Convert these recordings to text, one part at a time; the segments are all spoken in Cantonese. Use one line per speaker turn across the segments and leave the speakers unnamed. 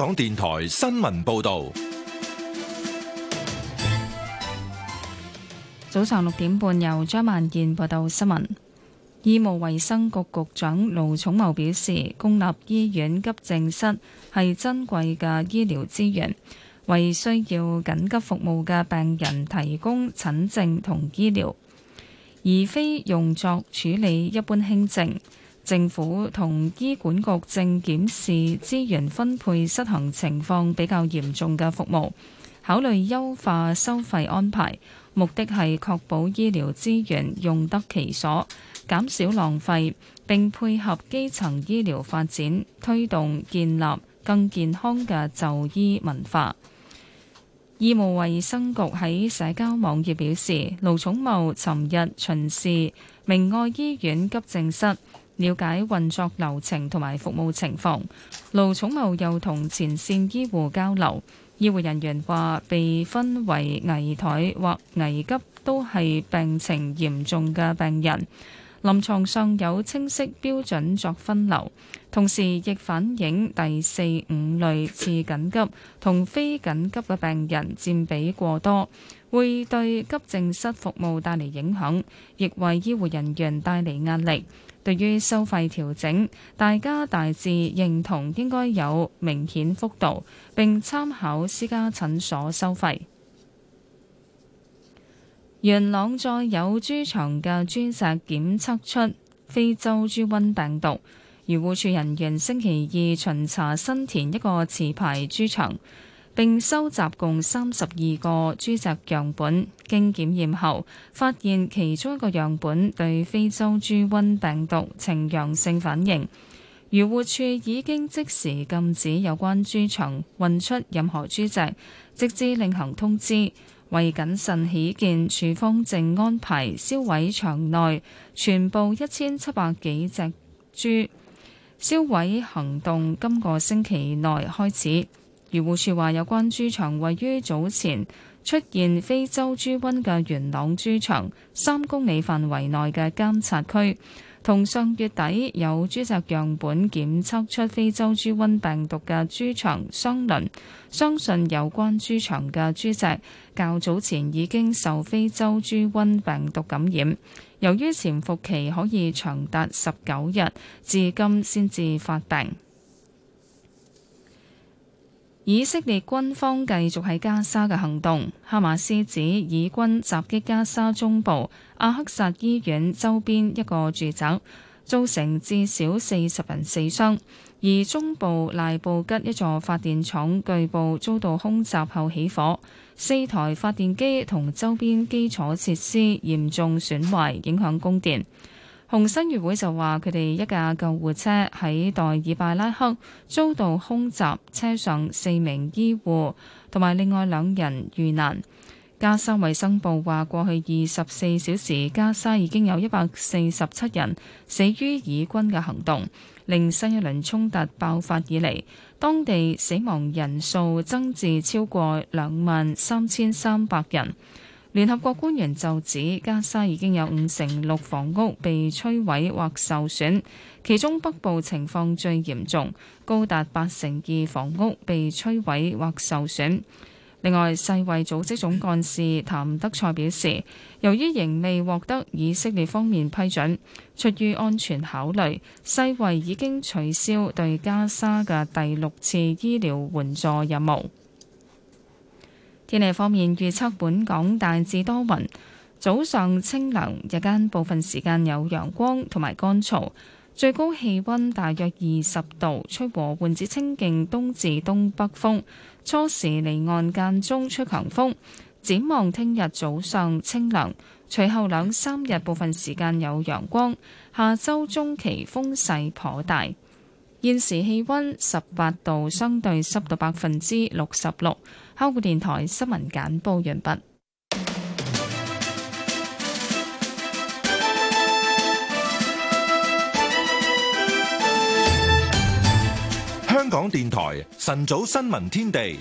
港電台新聞報道，
早上六點半，由張萬健報道新聞。醫務衛生局局長盧寵茂表示，公立醫院急症室係珍貴嘅醫療資源，為需要緊急服務嘅病人提供診症同醫療，而非用作處理一般輕症。政府同醫管局正檢視資源分配失衡情況比較嚴重嘅服務，考慮優化收費安排，目的係確保醫療資源用得其所，減少浪費，並配合基層醫療發展，推動建立更健康嘅就醫文化。醫務衛生局喺社交網頁表示，盧寵茂尋日巡視明愛醫院急症室。了解運作流程同埋服務情況，盧寵茂又同前線醫護交流。醫護人員話，被分為危殆或危急都係病情嚴重嘅病人，臨牀上有清晰標準作分流，同時亦反映第四五類次緊急同非緊急嘅病人佔比過多，會對急症室服務帶嚟影響，亦為醫護人員帶嚟壓力。對於收費調整，大家大致認同應該有明顯幅度，並參考私家診所收費。元朗再有豬場嘅豬隻檢測出非洲豬瘟病毒，漁護署人員星期二巡查新田一個持牌豬場。並收集共三十二個豬隻樣本，經檢驗後發現其中一個樣本對非洲豬瘟病毒呈陽性反應。漁護處已經即時禁止有關豬場運出任何豬隻，直至另行通知。為謹慎起見，處方正安排銷毀場內全部一千七百幾隻豬。銷毀行動今個星期內開始。漁護署話，有關豬場位於早前出現非洲豬瘟嘅元朗豬場三公里範圍內嘅監察區，同上月底有豬隻樣本檢測出非洲豬瘟病毒嘅豬場相鄰，相信有關豬場嘅豬隻較早前已經受非洲豬瘟病毒感染。由於潛伏期可以長達十九日，至今先至發病。以色列軍方繼續喺加沙嘅行動，哈馬斯指以軍襲擊加沙中部阿克薩醫院周邊一個住宅，造成至少四十人死傷。而中部賴布吉一座發電廠據報遭到空襲後起火，四台發電機同周邊基礎設施嚴重損壞，影響供電。紅新月會就話，佢哋一架救護車喺代爾拜拉克遭到空襲，車上四名醫護同埋另外兩人遇難。加沙衞生部話，過去二十四小時，加沙已經有一百四十七人死於以軍嘅行動，令新一輪衝突爆發以嚟，當地死亡人數增至超過兩萬三千三百人。聯合國官員就指，加沙已經有五成六房屋被摧毀或受損，其中北部情況最嚴重，高達八成二房屋被摧毀或受損。另外，世衛組織總幹事譚德塞表示，由於仍未獲得以色列方面批准，出於安全考慮，世衛已經取消對加沙嘅第六次醫療援助任務。天氣方面預測本港大致多雲，早上清涼，日間部分時間有陽光同埋乾燥，最高氣溫大約二十度，吹和緩至清勁東至東北風，初時離岸間中吹強風，展望聽日早上清涼，隨後兩三日部分時間有陽光，下周中期風勢頗大。現時氣溫十八度，相對濕度百分之六十六。香港電台新聞簡報完畢。
香港電台晨早新聞天地。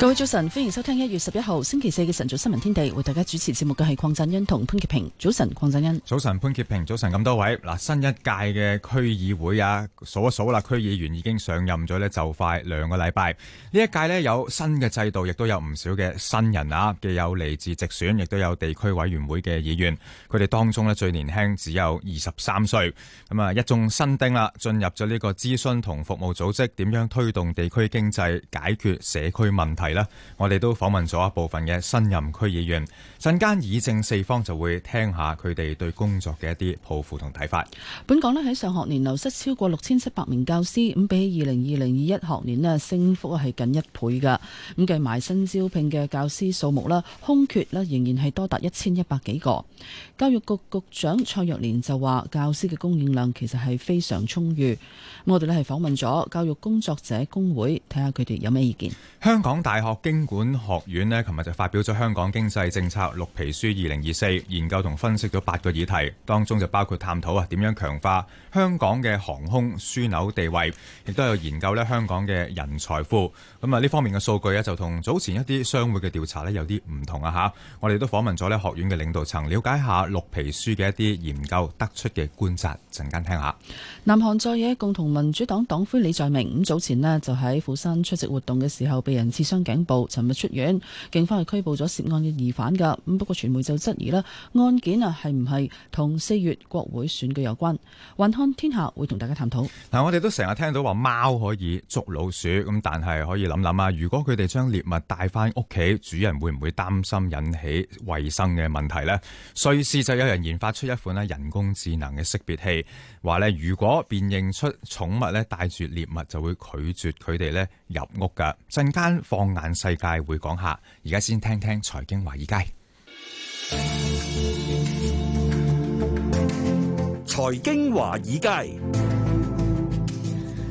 各位早晨，歡迎收聽一月十一號星期四嘅晨早新聞天地。為大家主持節目嘅係鄺振欣同潘潔平。早晨，鄺振欣。
早晨，潘潔平。早晨，咁多位嗱，新一屆嘅區議會啊，數一數啦，區議員已經上任咗咧，就快兩個禮拜。呢一屆咧有新嘅制度，亦都有唔少嘅新人啊，既有嚟自直選，亦都有地區委員會嘅議員。佢哋當中咧，最年輕只有二十三歲，咁啊一眾新丁啦，進入咗呢個諮詢同服務組織，點樣推動地區經濟，解決社區問題。我哋都訪問咗一部分嘅新任區議員，陣間以證四方就會聽下佢哋對工作嘅一啲抱負同睇法。
本港咧喺上學年流失超過六千七百名教師，咁比起二零二零二一學年咧，升幅係近一倍噶。咁計埋新招聘嘅教師數目咧，空缺咧仍然係多達一千一百幾個。教育局局長蔡若蓮就話：教師嘅供應量其實係非常充裕。我哋咧係訪問咗教育工作者公會，睇下佢哋有咩意見。
香港大學經管學院咧，琴日就發表咗《香港經濟政策綠皮書二零二四》，研究同分析咗八個議題，當中就包括探討啊點樣強化香港嘅航空樞紐地位，亦都有研究咧香港嘅人才庫。咁啊呢方面嘅數據咧，就同早前一啲商會嘅調查咧有啲唔同啊！吓，我哋都訪問咗咧學院嘅領導層，了解下綠皮書嘅一啲研究得出嘅觀察，陣間聽下。
南韓在野共同民主黨黨，黨魁李在明咁早前咧就喺釜山出席活動嘅時候被人刺傷。警部尋日出院，警方係拘捕咗涉案嘅疑犯噶。咁不過傳媒就質疑啦，案件啊係唔係同四月國會選舉有關？雲看天下會同大家探討。
嗱、嗯，我哋都成日聽到話貓可以捉老鼠，咁但係可以諗諗啊，如果佢哋將獵物帶翻屋企，主人會唔會擔心引起衛生嘅問題呢？瑞士就有人研發出一款咧人工智能嘅識別器。話咧，如果辨認出寵物咧帶住獵物，就會拒絕佢哋咧入屋噶。陣間放眼世界會講下，而家先聽聽財經華爾街。財經華爾街，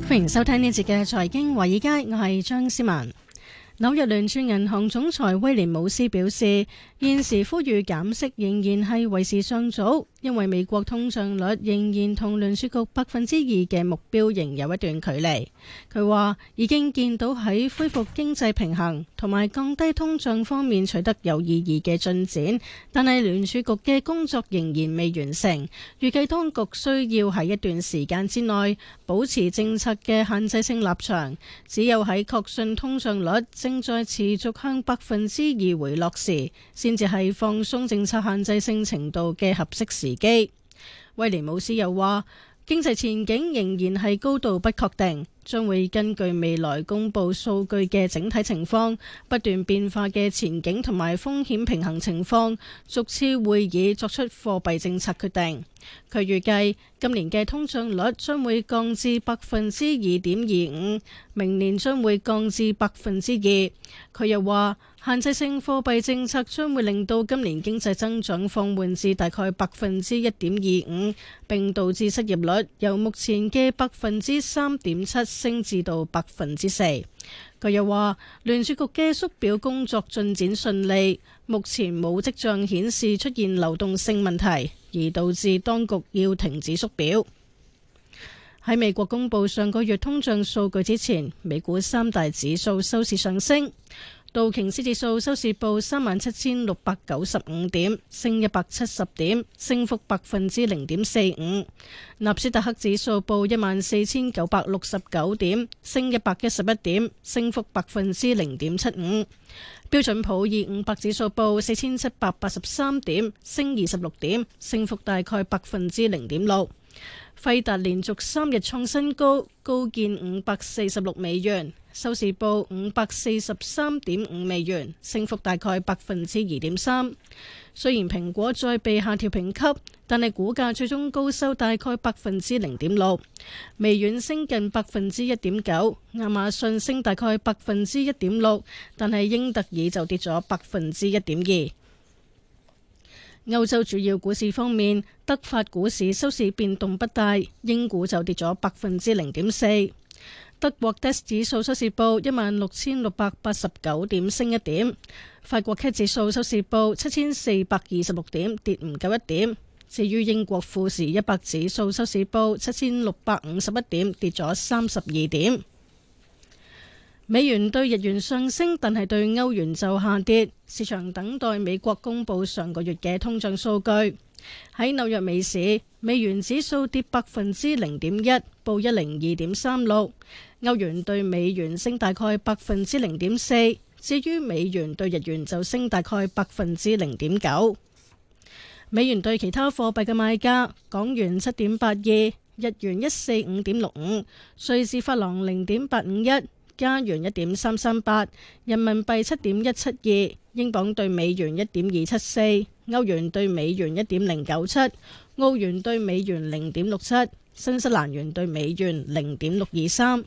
歡迎收聽呢一節嘅財經華爾街，我係張思文。紐約聯儲銀行總裁威廉姆斯表示。現時呼籲減息仍然係為時尚早，因為美國通脹率仍然同聯儲局百分之二嘅目標仍有一段距離。佢話已經見到喺恢復經濟平衡同埋降低通脹方面取得有意義嘅進展，但係聯儲局嘅工作仍然未完成。預計當局需要喺一段時間之內保持政策嘅限制性立場，只有喺確信通脹率正在持續向百分之二回落時，先至係放鬆政策限制性程度嘅合適時機。威廉姆斯又話，經濟前景仍然係高度不確定，將會根據未來公佈數據嘅整體情況、不斷變化嘅前景同埋風險平衡情況，逐次會議作出貨幣政策決定。佢預計今年嘅通脹率將會降至百分之二點二五，明年將會降至百分之二。佢又話，限制性貨幣政策將會令到今年經濟增長放緩至大概百分之一點二五，並導致失業率由目前嘅百分之三點七升至到百分之四。佢又話聯儲局嘅縮表工作進展順利，目前冇跡象顯示出現流動性問題，而導致當局要停止縮表。喺美國公布上個月通脹數據之前，美股三大指數收市上升。道瓊斯指數收市報三萬七千六百九十五點，升一百七十點，升幅百分之零點四五。納斯達克指數報一萬四千九百六十九點，升一百一十一點，升幅百分之零點七五。標準普爾五百指數報四千七百八十三點，升二十六點，升幅大概百分之零點六。費達連續三日創新高，高見五百四十六美元。收市報五百四十三點五美元，升幅大概百分之二點三。雖然蘋果再被下調評級，但係股價最終高收大概百分之零點六，微軟升近百分之一點九，亞馬遜升大概百分之一點六，但係英特爾就跌咗百分之一點二。歐洲主要股市方面，德法股市收市變動不大，英股就跌咗百分之零點四。德國 DAX 指數收市報一萬六千六百八十九點，升一點。法國 CAC 指數收市報七千四百二十六點，跌唔夠一點。至於英國富時一百指數收市報七千六百五十一點，跌咗三十二點。美元對日元上升，但係對歐元就下跌。市場等待美國公布上個月嘅通脹數據。喺紐約美市，美元指數跌百分之零點一，報一零二點三六。歐元對美元升大概百分之零點四，至於美元對日元就升大概百分之零點九。美元對其他貨幣嘅賣價：港元七點八二，日元一四五點六五，瑞士法郎零點八五一，加元一點三三八，人民幣七點一七二，英鎊對美元一點二七四，歐元對美元一點零九七，澳元對美元零點六七，新西蘭元對美元零點六二三。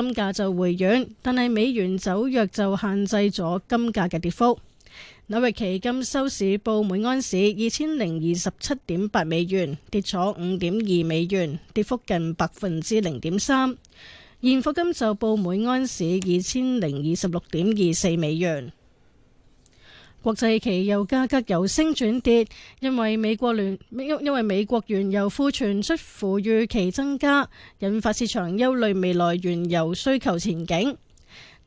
金價就回軟，但係美元走弱就限制咗金價嘅跌幅。紐約期金收市報每安士二千零二十七點八美元，跌咗五點二美元，跌幅近百分之零點三。現貨金就報每安士二千零二十六點二四美元。國際期油價格由升轉跌，因為美國聯因為美國原油庫存出乎預期增加，引發市場憂慮未來原油需求前景。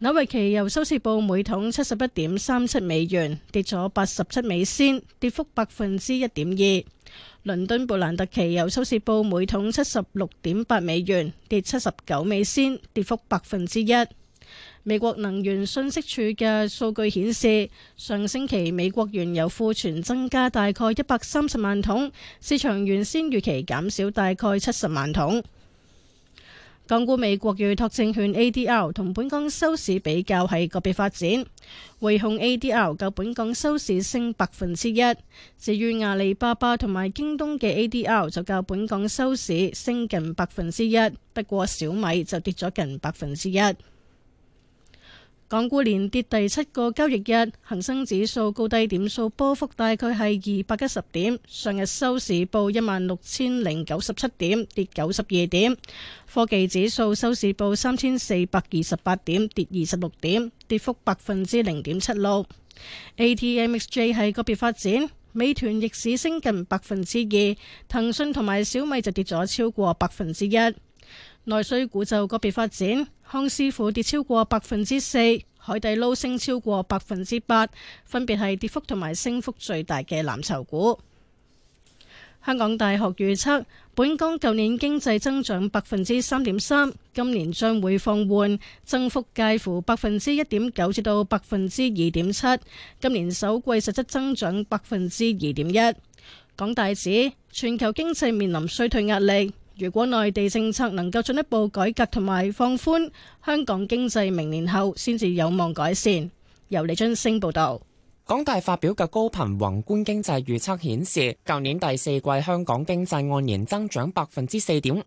紐約期油收市報每桶七十一點三七美元，跌咗八十七美仙，跌幅百分之一點二。倫敦布蘭特期油收市報每桶七十六點八美元，跌七十九美仙，跌幅百分之一。美國能源信息處嘅數據顯示，上星期美國原油庫存增加大概一百三十萬桶，市場原先預期減少大概七十萬桶。港股美國預託證券 ADR 同本港收市比較係個別發展，匯控 ADR 較本港收市升百分之一，至於阿里巴巴同埋京東嘅 ADR 就較本港收市升近百分之一，不過小米就跌咗近百分之一。港股連跌第七個交易日，恒生指數高低點數波幅大概係二百一十點，上日收市報一萬六千零九十七點，跌九十二點。科技指數收市報三千四百二十八點，跌二十六點，跌幅百分之零點七六。ATMXJ 係個別發展，美團逆市升近百分之二，騰訊同埋小米就跌咗超過百分之一，內需股就個別發展。康師傅跌超過百分之四，海底撈升超過百分之八，分別係跌幅同埋升幅最大嘅藍籌股。香港大學預測，本港舊年經濟增長百分之三點三，今年將會放緩，增幅介乎百分之一點九至到百分之二點七。今年首季實質增長百分之二點一。港大指，全球經濟面臨衰退壓力。如果內地政策能夠進一步改革同埋放寬，香港經濟明年後先至有望改善。由李津星報導。
港大發表嘅高頻宏觀經濟預測顯示，舊年第四季香港經濟按年增長百分之四點五，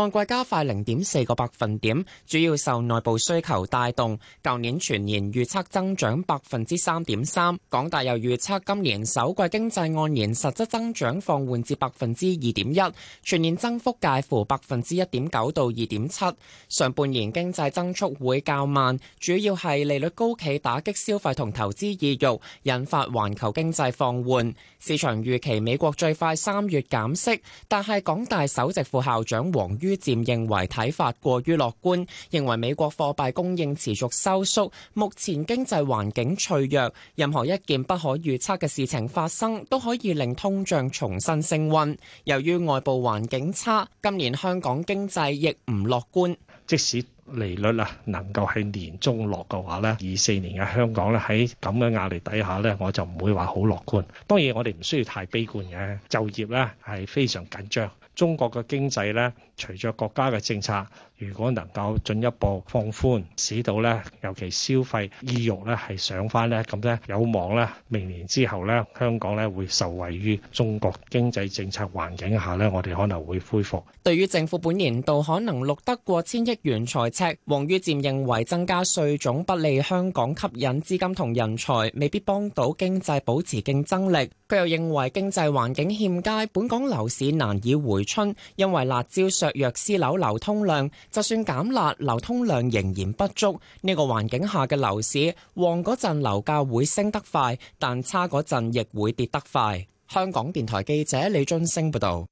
按季加快零點四個百分點，主要受內部需求帶動。舊年全年預測增長百分之三點三，港大又預測今年首季經濟按年實質增長放緩至百分之二點一，全年增幅介乎百分之一點九到二點七。上半年經濟增速會較慢，主要係利率高企，打擊消費同投資意欲。引發環球經濟放緩，市場預期美國最快三月減息，但係港大首席副校長王于漸認為睇法過於樂觀，認為美國貨幣供應持續收縮，目前經濟環境脆弱，任何一件不可預測嘅事情發生都可以令通脹重新升溫。由於外部環境差，今年香港經濟亦唔
樂觀，即使利率啊，能夠喺年中落嘅話咧，二四年嘅香港咧喺咁嘅壓力底下咧，我就唔會話好樂觀。當然我哋唔需要太悲觀嘅，就業咧係非常緊張。中國嘅經濟咧，隨着國家嘅政策。如果能夠進一步放寬，使到咧，尤其消費意欲咧係上翻咧，咁咧有望咧明年之後咧，香港咧會受惠於中國經濟政策環境下咧，我哋可能會恢復。
對於政府本年度可能錄得過千億元財赤，王于漸認為增加稅種不利香港吸引資金同人才，未必幫到經濟保持競爭力。佢又認為經濟環境欠佳，本港樓市難以回春，因為辣椒削弱私樓流，流通量。就算減辣，流通量仍然不足。呢個環境下嘅樓市旺嗰陣樓價會升得快，但差嗰陣亦會跌得快。香港電台記者李津升報導。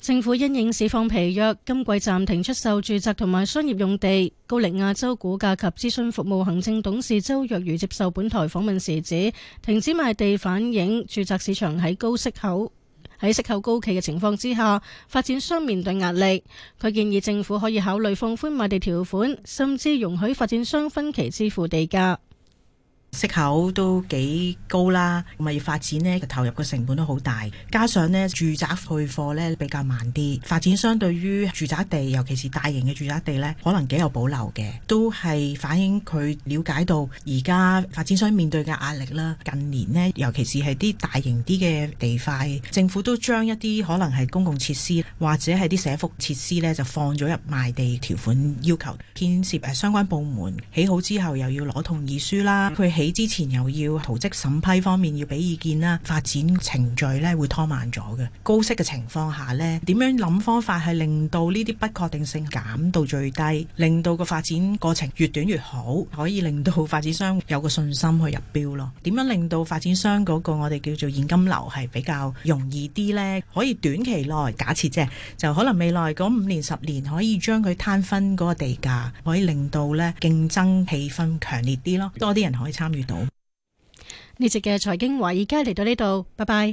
政府因應市況疲弱，今季暫停出售住宅同埋商業用地。高力亞洲股價及諮詢服務行政董事周若如接受本台訪問時指，停止賣地反映住宅市場喺高息口。喺息口高企嘅情況之下，發展商面對壓力。佢建議政府可以考慮放寬買地條款，甚至容許發展商分期支付地價。息口都幾高啦，同埋要發展咧，投入嘅成本都好大。
加上咧，住宅配貨咧比較慢啲，發展商對於住宅地，尤其是大型嘅住宅地咧，可能幾有保留嘅，都係反映佢了解到而家發展商面對嘅壓力啦。近年咧，尤其是係啲大型啲嘅地塊，政府都將一啲可能係公共設施或者係啲社福設施咧，就放咗入賣地條款要求，牽涉，誒，相關部門起好之後又要攞同意書啦，佢起。之前又要圖則審批方面要俾意見啦，發展程序咧，會拖慢咗嘅。高息嘅情況下咧，點樣諗方法係令到呢啲不確定性減到最低，令到個發展過程越短越好，可以令到發展商有個信心去入標咯。點樣令到發展商嗰個我哋叫做現金流係比較容易啲咧？可以短期內假設啫，就可能未來嗰五年十年可以將佢攤分嗰個地價，可以令到咧競爭氣氛強烈啲咯，多啲人可以參。參與到
呢節嘅財經華爾街嚟到呢度，拜拜。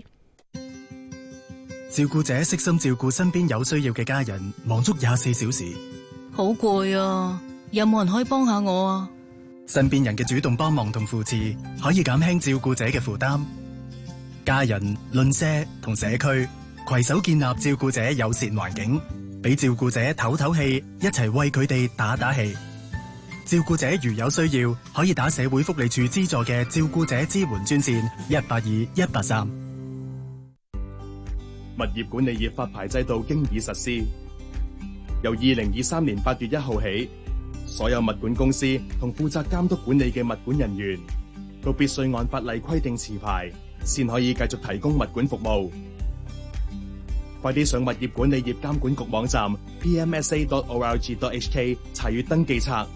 照顧者悉心照顧身邊有需要嘅家人，忙足廿四小時，
好攰啊！有冇人可以幫下我啊？
身邊人嘅主動幫忙同扶持，可以減輕照顧者嘅負擔。家人、鄰舍同社區攜手建立照顧者友善環境，俾照顧者唞唞氣，一齊為佢哋打打氣。照顧者如有需要，可以打社會福利署資助嘅照顧者支援專線一八二一八三。102, 103。物業管理業發牌制度經已實施，由二零二三年八月一號起，所有物管公司同負責監督管理嘅物管人員，都必須按法例規定持牌，先可以繼續提供物管服務。快啲上物業管理業監管局網站 pmsa.dot.org.dot.hk 查閱登記冊。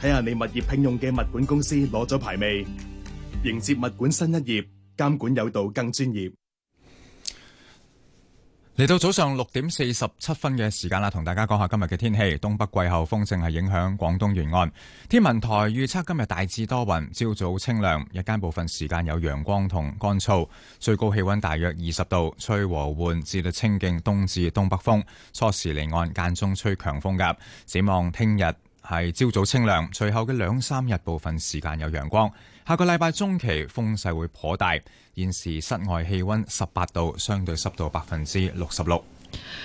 睇下你物業聘用嘅物管公司攞咗牌未？迎接物管新一頁，監管有道更專業。嚟到早上六點四十七分嘅時間啦，同大家講下今日嘅天氣。東北季候風正係影響廣東沿岸。天文台預測今日大致多雲，朝早清涼，日間部分時間有陽光同乾燥，最高氣溫大約二十度，吹和緩至到清勁東至東北風，初時離岸間中吹強風噶，展望聽日。係朝早清涼，隨後嘅兩三日部分時間有陽光。下個禮拜中期風勢會頗大。現時室外氣溫十八度，相對濕度百分之六十
六。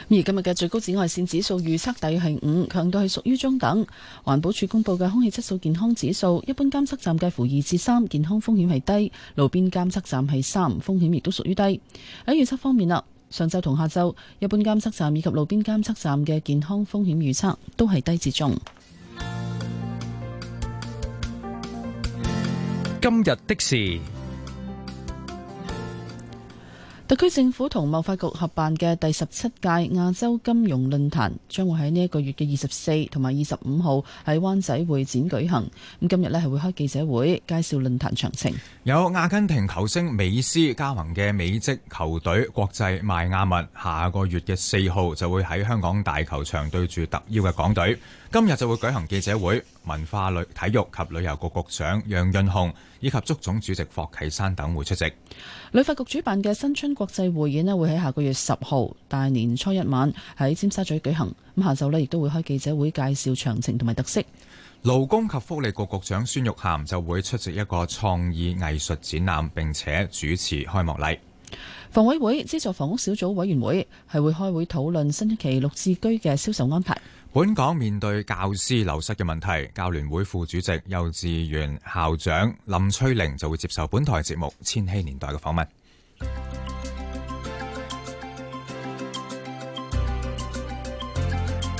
而今日嘅最高紫外線指數預測係五，強度係屬於中等。環保署公布嘅空氣質素健康指數，一般監測站介乎二至三，健康風險係低；路邊監測站係三，風險亦都屬於低。喺預測方面啦，上晝同下晝一般監測站以及路邊監測站嘅健康風險預測都係低至中。今日的事，特區政府同貿發局合辦嘅第十七屆亞洲金融論壇，將會喺呢一個月嘅二十四同埋二十五號喺灣仔會展舉行。咁今日呢，係會開記者會介紹論壇詳情。
有阿根廷球星美斯加盟嘅美職球隊國際邁阿密，下個月嘅四號就會喺香港大球場對住特邀嘅港隊。今日就會舉行記者會，文化旅體育及旅遊局局長楊潤雄以及足總主席霍啟山等會出席。
旅發局主辦嘅新春國際匯演呢，會喺下個月十號大年初一晚喺尖沙咀舉行。咁下晝呢，亦都會開記者會介紹詳情同埋特色。
勞工及福利局局長孫玉菡就會出席一個創意藝術展覽，並且主持開幕禮。
房委會資助房屋小組委員會係會開會討論新一期綠置居嘅銷售安排。本港
面對教師流失嘅問題，教聯會副主席、幼稚園校長林翠玲就會接受本台節目《千禧年代》嘅訪問。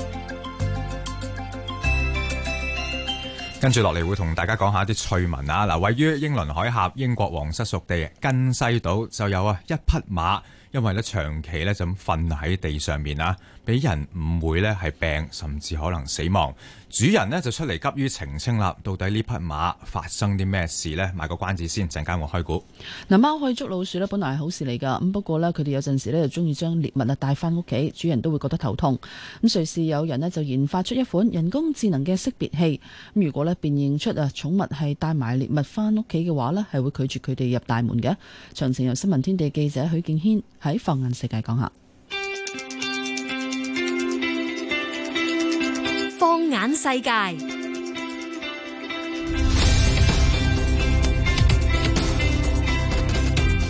跟住落嚟會同大家講下一啲趣聞啊！嗱，位於英倫海峽、英國皇室屬地根西島就有啊一匹馬。因為咧長期咧就咁瞓喺地上面啦，俾人誤會咧係病，甚至可能死亡。主人呢就出嚟急於澄清啦，到底呢匹馬發生啲咩事呢？買個關子先，陣間我開估。
嗱，貓去捉老鼠呢，本來係好事嚟噶，咁不過呢，佢哋有陣時呢，就中意將獵物啊帶翻屋企，主人都會覺得頭痛。咁，瑞士有人呢，就研發出一款人工智能嘅識別器，咁如果呢，辨認出啊寵物係帶埋獵物翻屋企嘅話呢係會拒絕佢哋入大門嘅。詳情由新聞天地記者許敬軒喺放眼世界講下。
眼世界，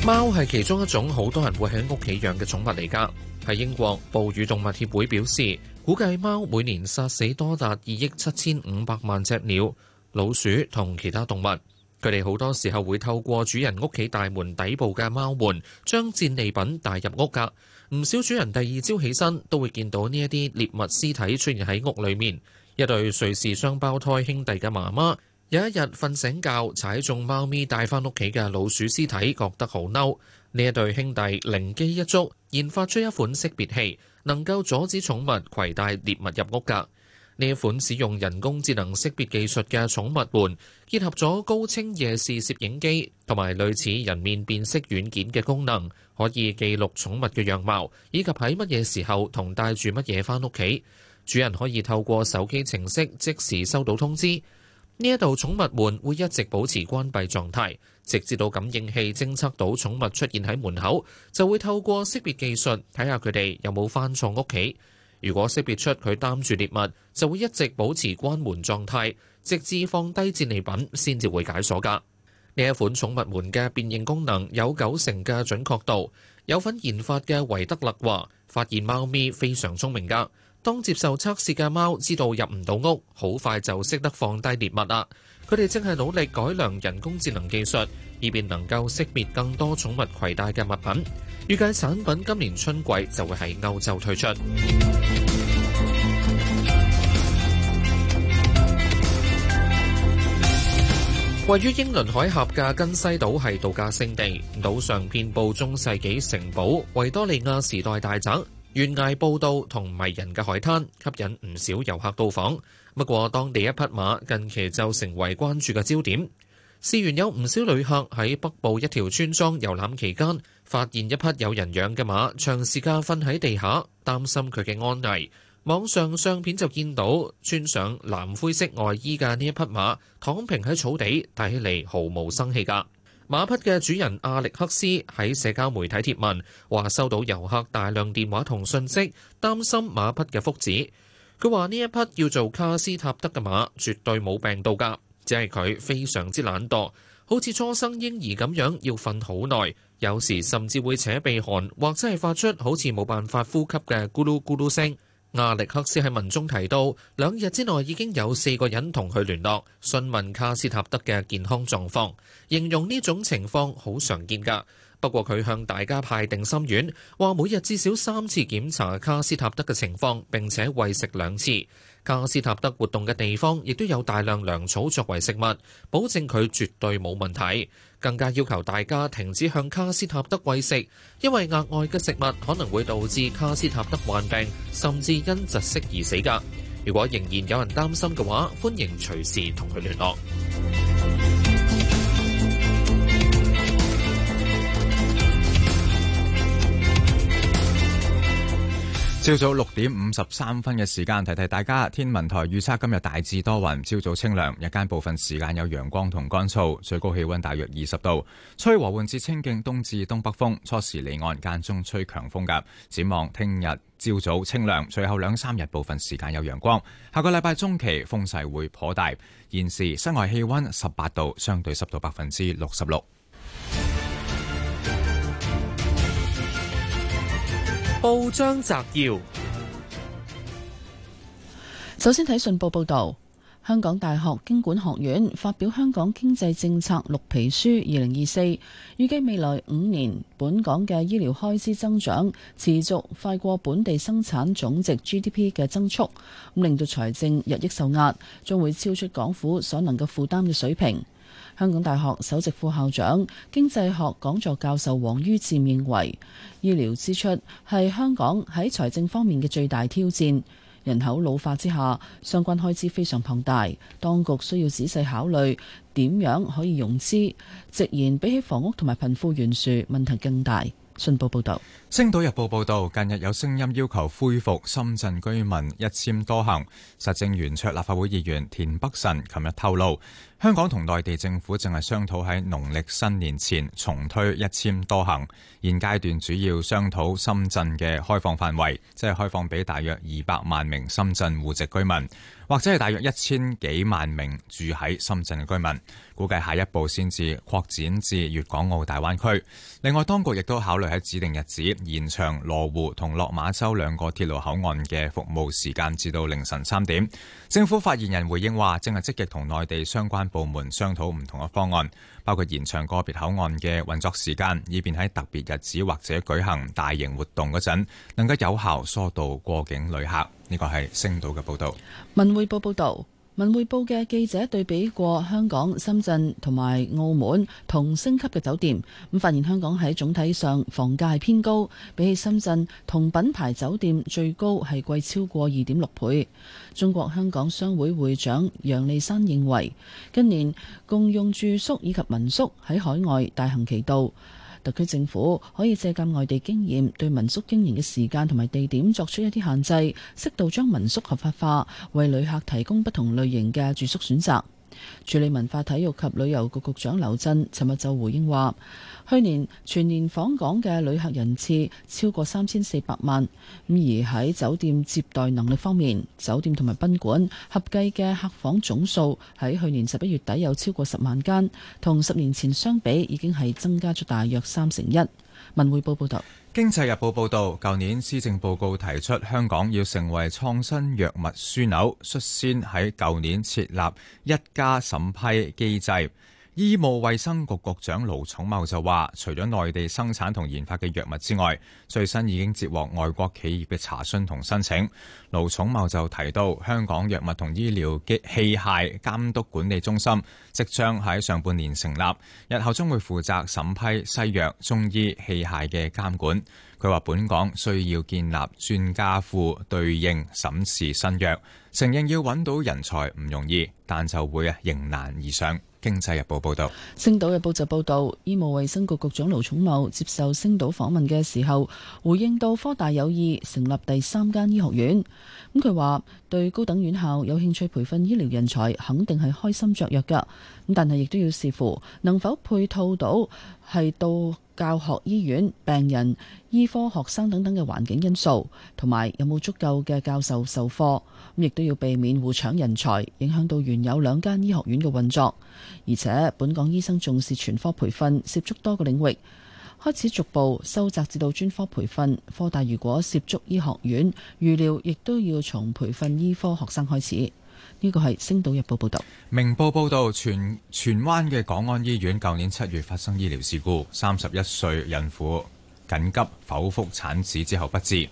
貓係其中一種好多人會喺屋企養嘅寵物嚟噶。喺英國，哺乳動物協會表示，估計貓每年殺死多達二億七千五百萬隻鳥、老鼠同其他動物。佢哋好多時候會透過主人屋企大門底部嘅貓門，將戰利品帶入屋噶。唔少主人第二朝起身都會見到呢一啲獵物屍體出現喺屋裏面。一對瑞士雙胞胎兄弟嘅媽媽有一日瞓醒覺踩中貓咪帶翻屋企嘅老鼠屍體，覺得好嬲。呢 一對兄弟靈機一觸研發出一款識別器，能夠阻止寵物携帶獵物入屋噶。呢 一款使用人工智能識別技術嘅寵物門，結合咗高清夜視攝影機同埋類似人面辨識軟件嘅功能，可以記錄寵物嘅樣貌以及喺乜嘢時候同帶住乜嘢翻屋企。主人可以透過手機程式，即時收到通知。呢一度寵物門會一直保持關閉狀態，直至到感應器偵測到寵物出現喺門口，就會透過識別技術睇下佢哋有冇返錯屋企。如果識別出佢擔住獵物，就會一直保持關門狀態，直至放低戰利品先至會解鎖噶。呢一款寵物門嘅辨認功能有九成嘅準確度。有份研發嘅維德勒話，發現貓咪非常聰明噶。當接受測試嘅貓知道入唔到屋，好快就識得放低獵物啦。佢哋正係努力改良人工智能技術，以便能夠識別更多寵物攜帶嘅物品。預計產品今年春季就會喺歐洲推出。 位於英倫海峽嘅根西島係度假勝地，島上遍布中世紀城堡、維多利亞時代大宅。懸崖步道同迷人嘅海灘吸引唔少遊客到訪。不過，當地一匹馬近期就成為關注嘅焦點。事緣有唔少旅客喺北部一條村莊遊覽期間，發現一匹有人養嘅馬長時間瞓喺地下，擔心佢嘅安危。網上相片就見到穿上藍灰色外衣嘅呢一匹馬躺平喺草地，睇起嚟毫無生氣㗎。馬匹嘅主人阿力克斯喺社交媒體貼文，話收到遊客大量電話同信息，擔心馬匹嘅福祉。佢話呢一匹叫做卡斯塔德嘅馬，絕對冇病到噶，只係佢非常之懶惰，好似初生嬰兒咁樣要瞓好耐，有時甚至會扯鼻鼾或者係發出好似冇辦法呼吸嘅咕嚕咕嚕聲。阿力克斯喺文中提到，兩日之內已經有四個人同佢聯絡，詢問卡斯塔德嘅健康狀況。形容呢種情況好常見噶，不過佢向大家派定心丸，話每日至少三次檢查卡斯塔德嘅情況，並且餵食兩次。卡斯塔德活動嘅地方亦都有大量糧草作為食物，保證佢絕對冇問題。更加要求大家停止向卡斯塔德餵食，因為額外嘅食物可能會導致卡斯塔德患病，甚至因窒息而死噶。如果仍然有人擔心嘅話，歡迎隨時同佢聯絡。
朝早六點五十三分嘅時間，提提大家。天文台預測今日大致多雲，朝早清涼，日間部分時間有陽光同乾燥，最高氣溫大約二十度。吹和緩至清勁東至東北風，初時離岸間中吹強風㗎。展望聽日朝早清涼，隨後兩三日部分時間有陽光。下個禮拜中期風勢會頗大。現時室外氣溫十八度，相對濕度百分之六十六。報章摘要：
首先睇信報報道，香港大學經管學院發表《香港經濟政策綠皮書》二零二四，預計未來五年本港嘅醫療開支增長持續快過本地生產總值 GDP 嘅增速，咁令到財政日益受壓，將會超出港府所能夠負擔嘅水平。香港大學首席副校長、經濟學講座教授王於漸認為，醫療支出係香港喺財政方面嘅最大挑戰。人口老化之下，相關開支非常龐大，當局需要仔細考慮點樣可以融資。直言比起房屋同埋貧富懸殊問題更大。信報報道，《星島
日報》報道，近日有聲音要求恢復深圳居民一簽多行，實政圓桌立法會議員田北辰琴日透露。香港同內地政府正係商討喺農曆新年前重推一簽多行，現階段主要商討深圳嘅開放範圍，即係開放俾大約二百萬名深圳戶籍居民。或者係大約一千幾萬名住喺深圳嘅居民，估計下一步先至擴展至粵港澳大灣區。另外，當局亦都考慮喺指定日子延長羅湖同落馬洲兩個鐵路口岸嘅服務時間至到凌晨三點。政府發言人回應話，正係積極同內地相關部門商討唔同嘅方案，包括延長個別口岸嘅運作時間，以便喺特別日子或者舉行大型活動嗰陣，能夠有效疏導過境旅客。呢個係星島嘅報導。
文匯報報導，文匯報嘅記者對比過香港、深圳同埋澳門同星級嘅酒店，咁發現香港喺總體上房價係偏高，比起深圳同品牌酒店最高係貴超過二點六倍。中國香港商會會長楊麗珊認為，今年共用住宿以及民宿喺海外大行其道。特區政府可以借鑒外地經驗，對民宿經營嘅時間同埋地點作出一啲限制，適度將民宿合法化，為旅客提供不同類型嘅住宿選擇。助理文化體育及旅遊局局長劉振尋日就回應話，去年全年訪港嘅旅客人次超過三千四百萬，咁而喺酒店接待能力方面，酒店同埋賓館合計嘅客房總數喺去年十一月底有超過十萬間，同十年前相比已經係增加咗大約三成一。文匯報報道。
經濟日報報道，舊年施政報告提出，香港要成為創新藥物樞紐，率先喺舊年設立一家審批機制。醫務衛生局局長盧寵茂就話，除咗內地生產同研發嘅藥物之外，最新已經接獲外國企業嘅查詢同申請。盧寵茂就提到，香港藥物同醫療器械監督管理中心即將喺上半年成立，日後將會負責審批西藥、中醫器械嘅監管。佢話本港需要建立專家庫，對應審視新藥，承認要搵到人才唔容易，但就會啊，迎難而上。經濟日報報道，
星島日報就報道，醫務衛生局局長盧寵茂接受星島訪問嘅時候，回應到科大有意成立第三間醫學院，咁佢話對高等院校有興趣培訓醫療人才，肯定係開心雀躍嘅，咁但係亦都要視乎能否配套到係到。教學醫院、病人、醫科學生等等嘅環境因素，同埋有冇足夠嘅教授授課，亦都要避免互搶人才，影響到原有兩間醫學院嘅運作。而且本港醫生重視全科培訓，涉足多個領域，開始逐步收窄至到專科培訓。科大如果涉足醫學院，預料亦都要從培訓醫科學生開始。呢個係《星島日報》報道。
明報報道，荃荃灣嘅港安醫院舊年七月發生醫療事故，三十一歲孕婦緊急剖腹產子之後不治。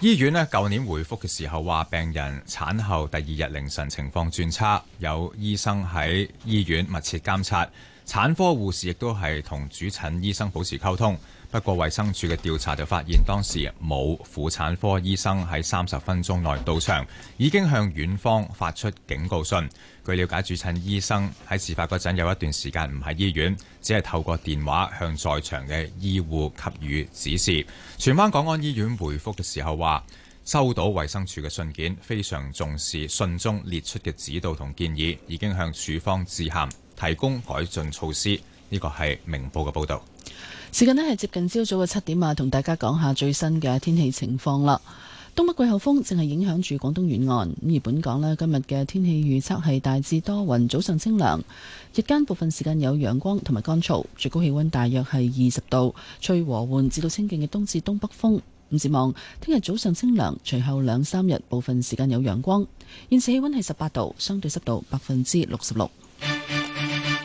醫院呢舊年回覆嘅時候話，病人產後第二日凌晨情況轉差，有醫生喺醫院密切監察，產科護士亦都係同主診醫生保持溝通。不過，衛生署嘅調查就發現，當時冇婦產科醫生喺三十分鐘內到場，已經向院方發出警告信。據了解，主診醫生喺事發嗰陣有一段時間唔喺醫院，只係透過電話向在場嘅醫護給予指示。荃灣港安醫院回覆嘅時候話：收到衛生署嘅信件，非常重視信中列出嘅指導同建議，已經向處方致函提供改進措施。呢個係明報嘅報導。
時間咧，係接近朝早嘅七點啊，同大家講下最新嘅天氣情況啦。東北季候風正係影響住廣東沿岸，而本港呢，今日嘅天氣預測係大致多雲，早上清涼，日間部分時間有陽光同埋乾燥，最高氣溫大約係二十度，吹和緩至到清勁嘅東至東北風。咁展望，聽日早上清涼，隨後兩三日部分時間有陽光。現時氣溫
係十八度，相對濕度百分之六十六。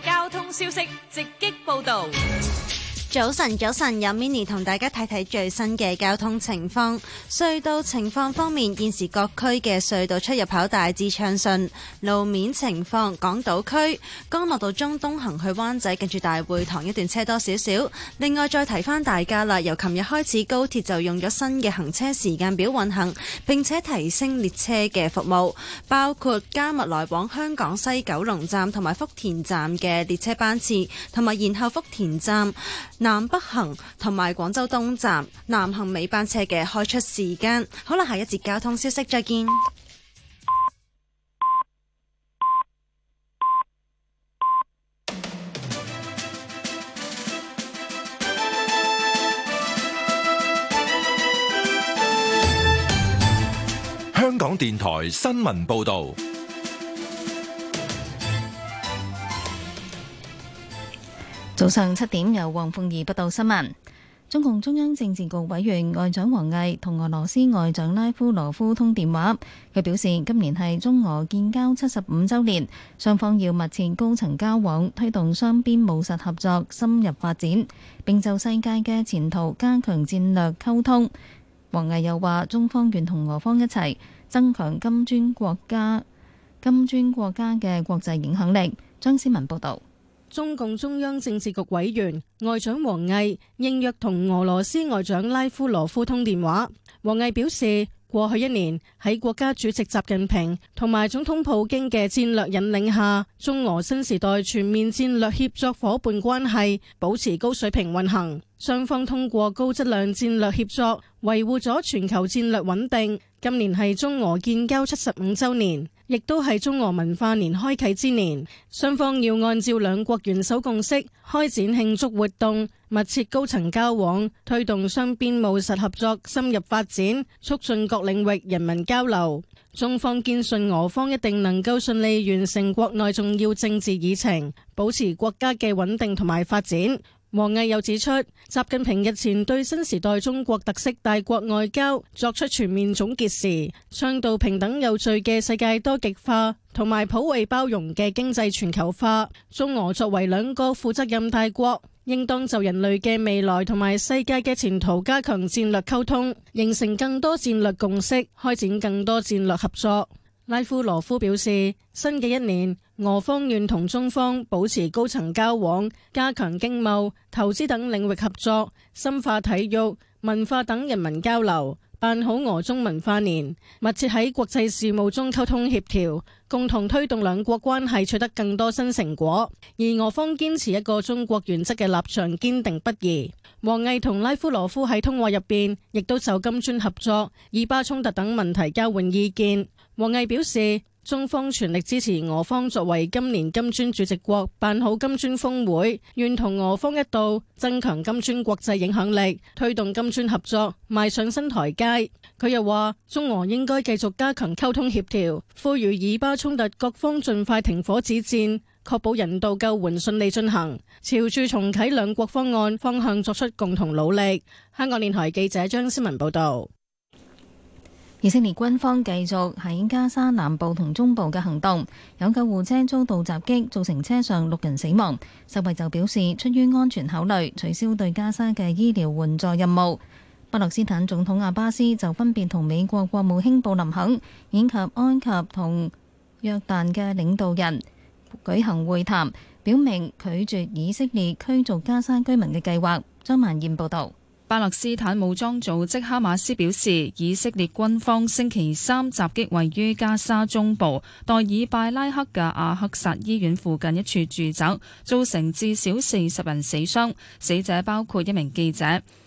交通消息直
擊報道。早晨，早晨，有 Mini 同大家睇睇最新嘅交通情況。隧道情況方面，現時各區嘅隧道出入口大致暢順。路面情況，港島區干諾道中東行去灣仔，近住大會堂一段車多少少。另外再提翻大家啦，由琴日開始，高鐵就用咗新嘅行車時間表運行，並且提升列車嘅服務，包括加密來往香港西九龍站同埋福田站嘅列車班次，同埋延後福田站。南北行同埋廣州東站南行尾班車嘅開出時間。好啦，下一節交通消息再見。
香港電台新聞報道。
早上七點，由黃鳳儀報道新聞。中共中央政治局委員外長王毅同俄羅斯外長拉夫羅夫通電話。佢表示，今年係中俄建交七十五週年，雙方要密切高層交往，推動雙邊務實合作深入發展，並就世界嘅前途加強戰略溝通。王毅又話：中方願同俄方一齊增強金磚國家金磚國家嘅國際影響力。張思文報道。中共中央
政治局委員外長王毅應約同俄羅斯外長拉夫羅夫通電話。王毅表示，過去一年喺國家主席習近平同埋總統普京嘅戰略引領下，中俄新時代全面戰略協作伙伴關係保持高水平運行，雙方通過高質量戰略協作維護咗全球戰略穩定，今年係中俄建交七十五週年亦都係中俄文化年開啟之年，雙方要按照兩國元首共識開展慶祝活動，密切高層交往，推動雙邊務實合作深入發展，促進各領域人民交流。中方堅信俄方一定能夠順利完成國內重要政治議程，保持國家嘅穩定同埋發展。王毅又指出，習近平日前對新時代中國特色大國外交作出全面總結時，倡導平等有序嘅世界多極化，同埋普惠包容嘅經濟全球化。中俄作為兩個負責任大國，應當就人類嘅未來同埋世界嘅前途加強戰略溝通，形成更多戰略共識，開展更多戰略合作。拉夫羅夫表示，新嘅一年，俄方願同中方保持高層交往，加強經貿、投資等領域合作，深化體育、文化等人民交流，辦好俄中文化年，密切喺國際事務中溝通協調，共同推動兩國關係取得更多新成果。而俄方堅持一個中國原則嘅立場堅定不移。王毅同拉夫羅夫喺通話入邊，亦都就金磚合作、以巴衝突等問題交換意見。王毅表示，中方全力支持俄方作為今年金磚主席國辦好金磚峰會，願同俄方一道增強金磚國際影響力，推動金磚合作邁上新台階。佢又話，中俄應該繼續加強溝通協調，呼籲以巴衝突各方盡快停火止戰，確保人道救援順利進行，朝住重啟兩國方案方向作出共同努力。香港電台記者張思文報
道。以色列軍方繼續喺加沙南部同中部嘅行動，有救護車遭到襲擊，造成車上六人死亡。世衛就表示，出於安全考慮，取消對加沙嘅醫療援助任務。巴勒斯坦總統阿巴斯就分別同美國國務卿布林肯以及埃及同約旦嘅領導人舉行會談，表明拒絕以色列驅逐加沙居民嘅計劃。張萬燕報道。巴勒斯坦武裝組織哈
馬斯表示，以色列軍方星期三襲擊位於加沙中部代爾拜拉克嘅阿克薩醫院附近一處住宅，造成至少四十人死傷，死者包括一名記者。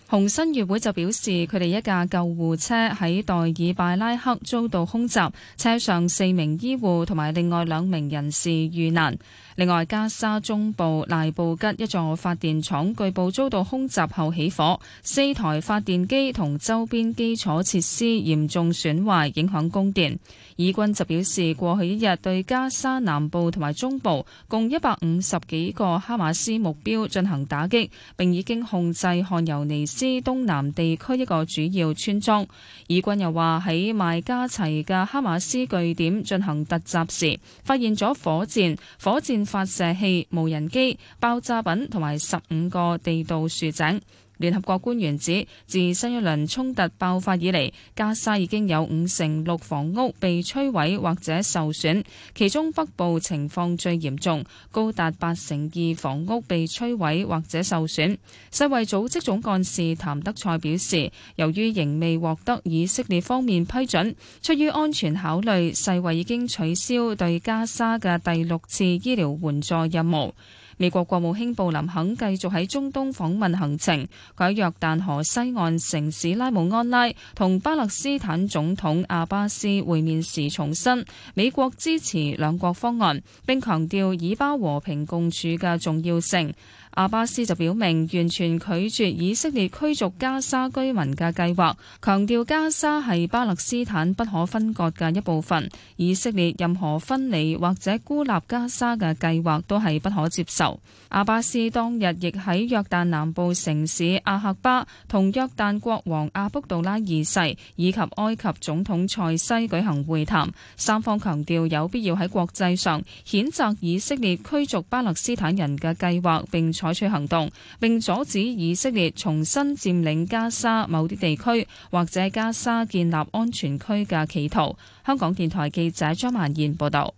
紅新月會就表示，佢哋一架救護車喺代爾拜拉克遭到空襲，車上四名醫護同埋另外兩名人士遇難。另外，加沙中部賴布吉一座發電廠據報遭到空襲後起火，四台發電機同周邊基礎設施嚴重損壞，影響供電。以軍就表示，過去一日對加沙南部同埋中部共一百五十幾個哈馬斯目標進行打擊，並已經控制漢尤尼之東南地區一個主要村莊，以軍又話喺麥加齊嘅哈馬斯據點進行突襲時，發現咗火箭、火箭發射器、無人機、爆炸品同埋十五個地道樹井。聯合國官員指，自新一輪衝突爆發以嚟，加沙已經有五成六房屋被摧毀或者受損，其中北部情況最嚴重，高達八成二房屋被摧毀或者受損。世衛組織總幹事譚德塞表示，由於仍未獲得以色列方面批准，出於安全考慮，世衛已經取消對加沙嘅第六次醫療援助任務。美國國務卿布林肯繼續喺中東訪問行程，佢喺約旦河西岸城市拉姆安拉同巴勒斯坦總統阿巴斯會面時重申美國支持兩國方案，並強調以巴和平共處嘅重要性。阿巴斯就表明，完全拒絕以色列驅逐加沙居民嘅計劃，強調加沙係巴勒斯坦不可分割嘅一部分，以色列任何分離或者孤立加沙嘅計劃都係不可接受。阿巴斯當日亦喺約旦南部城市阿克巴同約旦國王阿卜杜拉二世以及埃及總統塞西舉行會談，三方強調有必要喺國際上譴責以色列驅逐巴勒斯坦人嘅計劃，並採取行動，並阻止以色列重新佔領加沙某啲地區或者加沙建立安全區嘅企圖。香港電台記者張曼燕報道。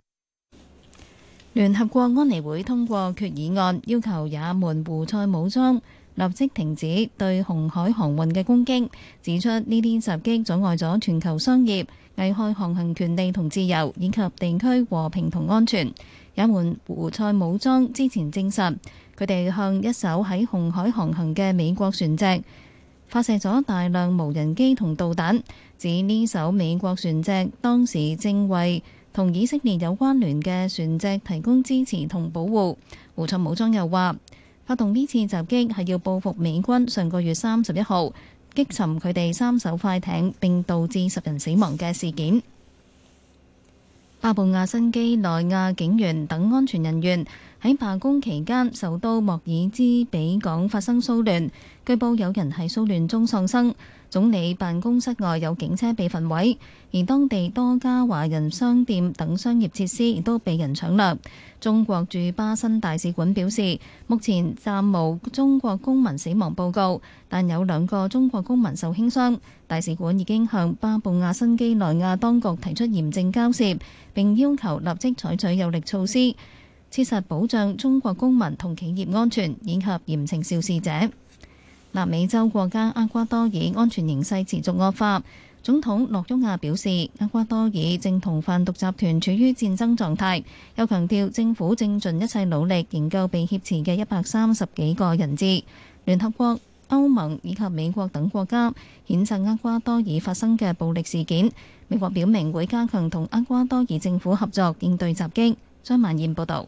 聯合國安理會通過決議案，要求也門胡塞武裝立即停止對紅海航運嘅攻擊，指出呢啲襲擊阻礙咗全球商業、危害航行權利同自由以及地區和平同安全。也門胡塞武裝之前證實，佢哋向一艘喺紅海航行嘅美國船隻發射咗大量無人機同導彈，指呢艘美國船隻當時正為同以色列有關聯嘅船隻提供支持同保護。胡塞武裝又話，發動呢次襲擊係要報復美軍上個月三十一號擊沉佢哋三艘快艇，並導致十人死亡嘅事件。巴布亞新幾內亞警員等安全人員，喺罷工期間，首都莫爾茲比港發生騷亂，據報有人喺騷亂中喪生，總理辦公室外有警車被焚毀，而當地多家華人商店等商業設施亦都被人搶掠。中國駐巴新大使館表示，目前暫無中國公民死亡報告，但有兩個中國公民受輕傷，大使館已經向巴布亞新畿內亞當局提出嚴正交涉，並要求立即採取有力措施。切實保障中國公民同企業安全，以及嚴懲肇事者。南美洲國家厄瓜多爾安全形勢持續惡化，總統諾沃亞表示，厄瓜多爾正同販毒集團處於戰爭狀態，又強調政府正盡一切努力營救被挾持嘅一百三十幾個人質。聯合國、歐盟以及美國等國家譴責厄瓜多爾發生嘅暴力事件。美國表明會加強同厄瓜多爾政府合作，應對襲擊。張萬燕報道。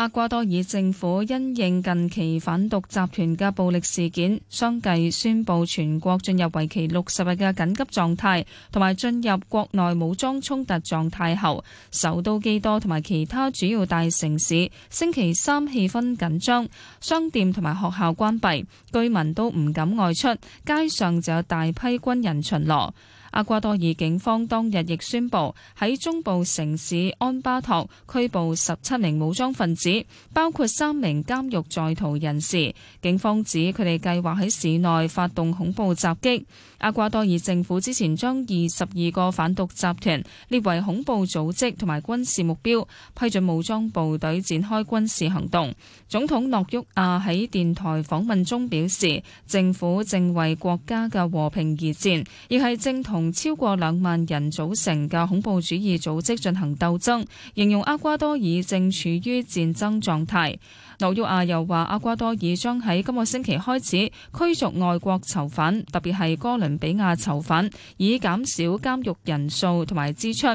阿瓜多爾政府因應近期反毒集團嘅暴力事件，相繼宣布全國進入為期六十日嘅緊急狀態，同埋進入國內武裝衝突狀態後，首都基多同埋其他主要大城市星期三氣氛緊張，商店同埋學校關閉，居民都唔敢外出，街上就有大批軍人巡邏。厄瓜多爾警方當日亦宣布喺中部城市安巴托拘捕十七名武裝分子，包括三名監獄在逃人士。警方指佢哋計劃喺市內發動恐怖襲擊。阿瓜多爾政府之前將二十二個反毒集團列為恐怖組織同埋軍事目標，批准武裝部隊展開軍事行動。總統諾沃亞喺電台訪問中表示，政府正為國家嘅和平而戰，亦係正同超過兩萬人組成嘅恐怖主義組織進行鬥爭，形容阿瓜多爾正處於戰爭狀態。諾沃亞又話：阿瓜多爾將喺今個星期開始驅逐外國囚犯，特別係哥倫比亞囚犯，以減少監獄人數同埋支出。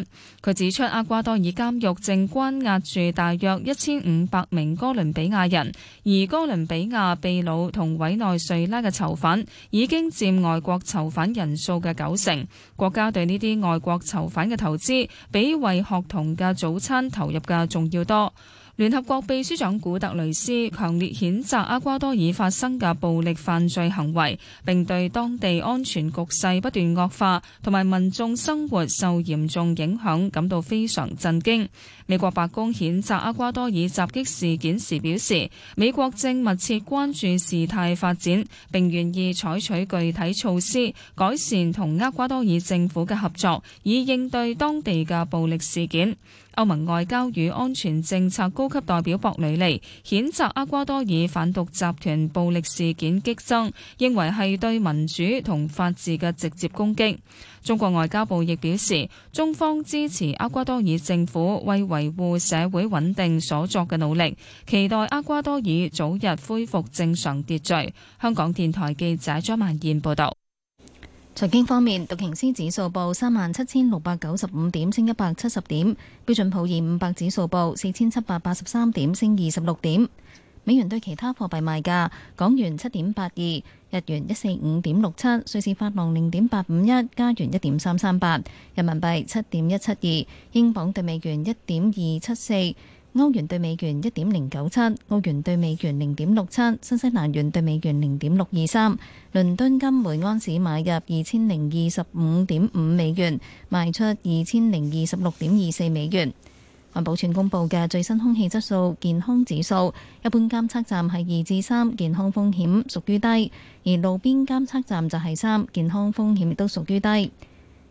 佢指出，阿瓜多爾監獄正關押住大約一千五百名哥倫比亞人，而哥倫比亞、秘魯同委內瑞拉嘅囚犯已經佔外國囚犯人數嘅九成。國家對呢啲外國囚犯嘅投資，比為學童嘅早餐投入嘅仲要多。聯合國秘書長古特雷斯強烈譴責厄瓜多爾發生嘅暴力犯罪行為，並對當地安全局勢不斷惡化，同埋民眾生活受嚴重影響，感到非常震驚。美國白宮譴責厄瓜多爾襲擊事件時表示，美國正密切關注事態發展，並願意採取具體措施，改善同厄瓜多爾政府嘅合作，以應對當地嘅暴力事件。歐盟外交與安全政策高級代表博里尼譴責厄瓜多爾販毒集團暴力事件激增，認為係對民主同法治嘅直接攻擊。中國外交部亦表示，中方支持厄瓜多爾政府為維護社會穩定所作嘅努力，期待厄瓜多爾早日恢復正
常秩序。香港電台記者張曼燕報道。財經方面，道瓊斯指數報三萬七千六百九十五點，升一百七十點；標準普爾五百指數報四千七百八十三點，升二十六點。美元對其他貨幣賣價：港元七點八二，日元一四五點六七，瑞士法郎零點八五一，加元一點三三八，人民幣七點一七二，英鎊對美元一點二七四。澳元對美元一點零九七，澳元對美元零點六七，新西蘭元對美元零點六二三。倫敦金每盎司買入二千零二十五點五美元，賣出二千零二十六點二四美元。環保署公布嘅最新空氣質素健康指數，一般監測站係二至三，健康風險屬於低；而路邊監測站就係三，健康風險亦都屬於低。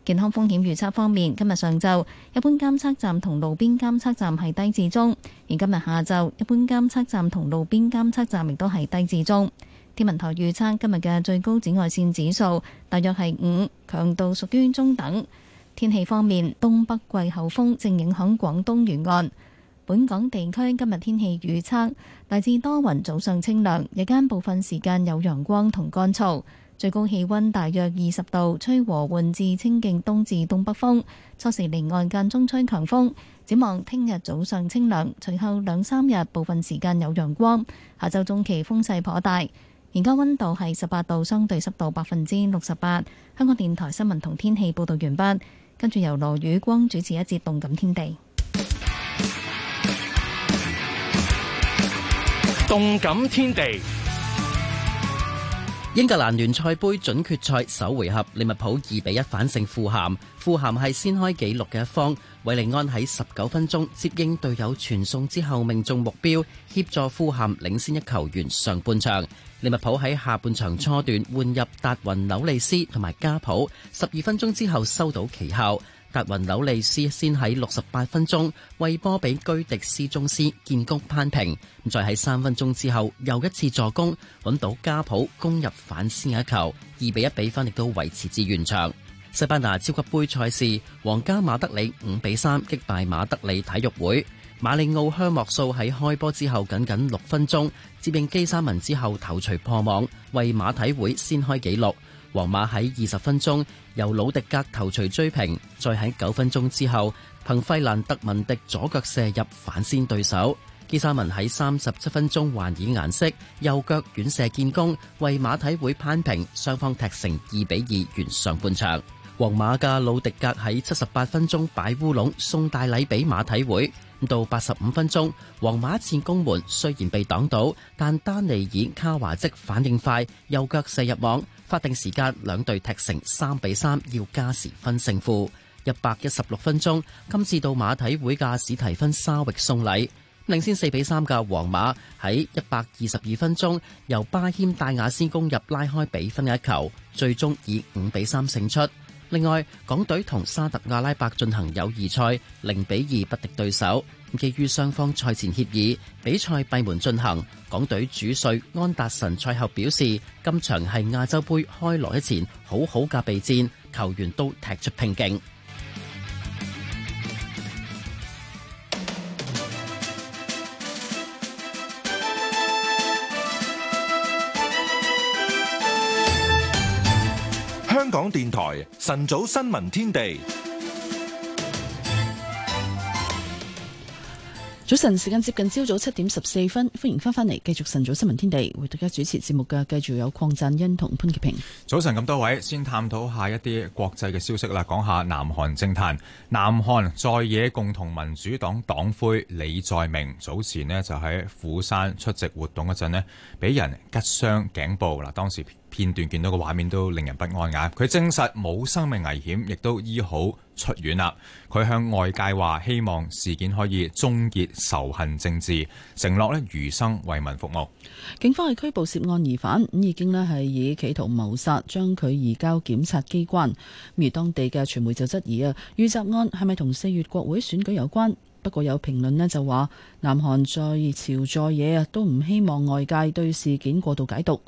健康風險預測方面，今日上晝一般監測站同路邊監測站係低至中，而今日下晝一般監測站同路邊監測站亦都係低至中。天文台預測今日嘅最高紫外線指數大約係五，強度屬於中等。天氣方面，東北季候風正影響廣東沿岸，本港地區今日天，天氣預測大致多雲，早上清涼，日間部分時間有陽光同乾燥。最高氣溫大約二十度，吹和緩至清勁東至東北風，初時離岸間中吹強風。展望聽日早上清涼，隨後兩三日部分時間有陽光。下周中期風勢頗大，而家溫度係十八度，相對濕度百分之六十八。香港電台新聞同天氣報道完畢，跟住由羅宇光主持一節《動感天地》。
《動感天地》英格蘭聯賽盃準決賽首回合，利物浦二比一反勝富咸。富咸係先開紀錄嘅一方，韋利安喺十九分鐘接應隊友傳送之後命中目標，協助富咸領先一球員上半場。利物浦喺下半場初段換入達雲紐利斯同埋加普，十二分鐘之後收到奇效。格雲紐利斯先喺六十八分鐘為波比居迪斯宗斯建功扳平，再喺三分鐘之後又一次助攻揾到加普攻入反先一球，二比一比分亦都維持至完場。西班牙超級杯賽事，皇家馬德里五比三擊敗馬德里體育會。馬利奧香莫素喺開波之後僅僅六分鐘接應基沙文之後頭槌破網，為馬體會先開紀錄。皇馬喺二十分鐘由魯迪格頭槌追平，再喺九分鐘之後，憑費蘭德文迪左腳射入反先對手。基沙文喺三十七分鐘還以顏色，右腳遠射建功，為馬體會扳平，雙方踢成二比二完上半場。皇馬嘅魯迪格喺七十八分鐘擺烏龍，送大禮俾馬體會。咁到八十五分鐘，皇馬前攻門雖然被擋到，但丹尼爾卡華即反應快，右腳射入網。法定時間兩隊踢成三比三，要加時分勝負。一百一十六分鐘，今次到馬體會嘅史提芬沙域送禮，領先四比三嘅皇馬喺一百二十二分鐘由巴謙戴雅斯攻入，拉開比分一球，最終以五比三勝出。另外，港隊同沙特阿拉伯進行友誼賽，零比二不敵對手。基於雙方賽前協議，比賽閉門進行。港隊主帥安達臣賽後表示，今場係亞洲杯開鑼之前，好好噶備戰，球員都踢出拼勁。
港電台晨早新聞天地。
早晨，時間接近朝早七點十四分，歡迎翻翻嚟繼續晨早新聞天地。為大家主持節目嘅，繼續有鄺振恩同潘潔平。
早晨咁多位，先探討下一啲國際嘅消息啦。講下南韓政壇，南韓在野共同民主黨黨魁李在明，早前呢就喺釜山出席活動嗰陣呢，俾人吉傷頸部嗱，當時片段見到個畫面都令人不安呀。佢證實冇生命危險，亦都醫好。出院啦！佢向外界話希望事件可以終結仇恨政治，承諾咧餘生為民服務。
警方係拘捕涉案疑犯，已經咧係以企圖謀殺將佢移交檢察機關。而當地嘅傳媒就質疑啊，遇襲案係咪同四月國會選舉有關？不過有評論呢，就話，南韓在朝在野啊，都唔希望外界對事件過度解讀。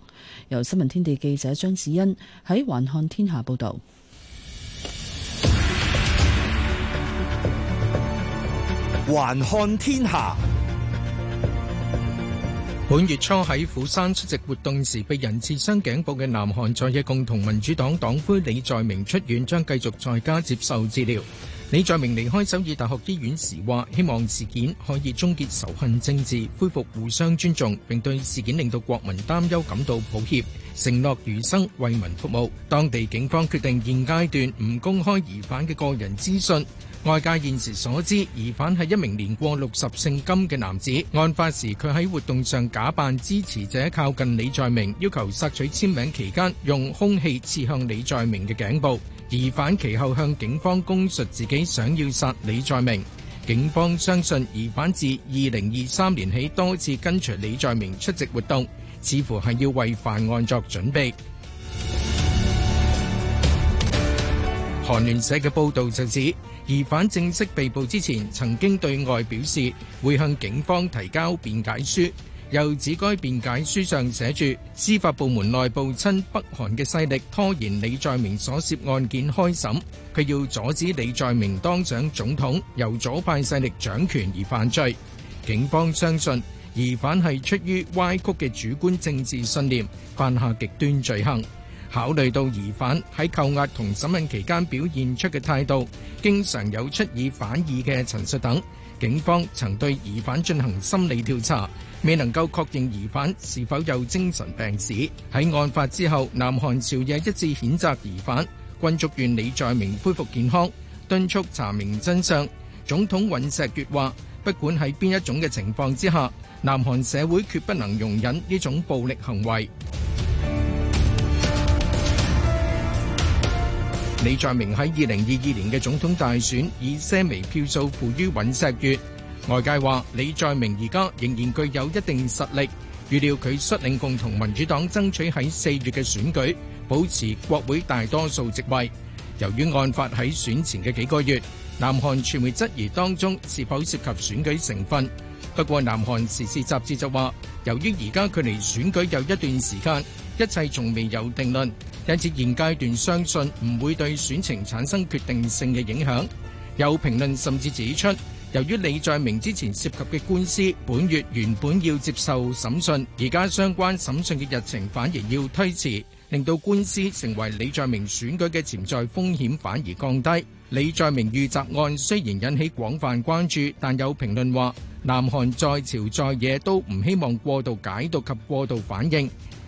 由新聞天地記者張子欣喺環看天下報道。
還
看天下，本月初喺釜山出席活動時被人刺傷頸部嘅南韓在野共同民主黨黨魁李在明出院，將繼續在家接受治療。李在明離開首爾大學醫院時話，希望事件可以終結仇恨政治，恢復互相尊重，並對事件令到國民擔憂感到抱歉，承諾餘生為民服務。當地警方決定現階段唔公開疑犯嘅個人資訊。外界現時所知，疑犯係一名年過六十、姓金嘅男子。案發時，佢喺活動上假扮支持者靠近李在明，要求索取簽名期間，用兇器刺向李在明嘅頸部。疑犯其後向警方供述自己想要殺李在明。警方相信疑犯自二零二三年起多次跟隨李在明出席活動，似乎係要為犯案作準備。韓聯社嘅報導就指，疑犯正式被捕之前，曾經對外表示會向警方提交辯解書，又指該辯解書上寫住司法部門內部親北韓嘅勢力拖延李在明所涉案件開審，佢要阻止李在明當上總統，由左派勢力掌權而犯罪。警方相信疑犯係出於歪曲嘅主觀政治信念，犯下極端罪行。考慮到疑犯喺扣押同審問期間表現出嘅態度，經常有出爾反爾嘅陳述等，警方曾對疑犯進行心理調查，未能夠確認疑犯是否有精神病史。喺案發之後，南韓朝野一致譴責疑犯，均祝願李在明恢復健康，敦促查明真相。總統尹錫悅話：不管喺邊一種嘅情況之下，南韓社會決不能容忍呢種暴力行為。李在明喺二零二二年嘅總統大選以些微票數負於尹錫悅，外界話李在明而家仍然具有一定實力，預料佢率領共同民主黨爭取喺四月嘅選舉，保持國會大多數席位。由於案發喺選前嘅幾個月，南韓傳媒質疑當中是否涉及選舉成分。不過南韓時事雜誌就話，由於而家距離選舉有一段時間。一切仲未有定論，因此現階段相信唔會對選情產生決定性嘅影響。有評論甚至指出，由於李在明之前涉及嘅官司，本月原本要接受審訊，而家相關審訊嘅日程反而要推遲，令到官司成為李在明選舉嘅潛在風險反而降低。李在明遇襲案雖然引起廣泛關注，但有評論話，南韓在朝在野都唔希望過度解讀及過度反應。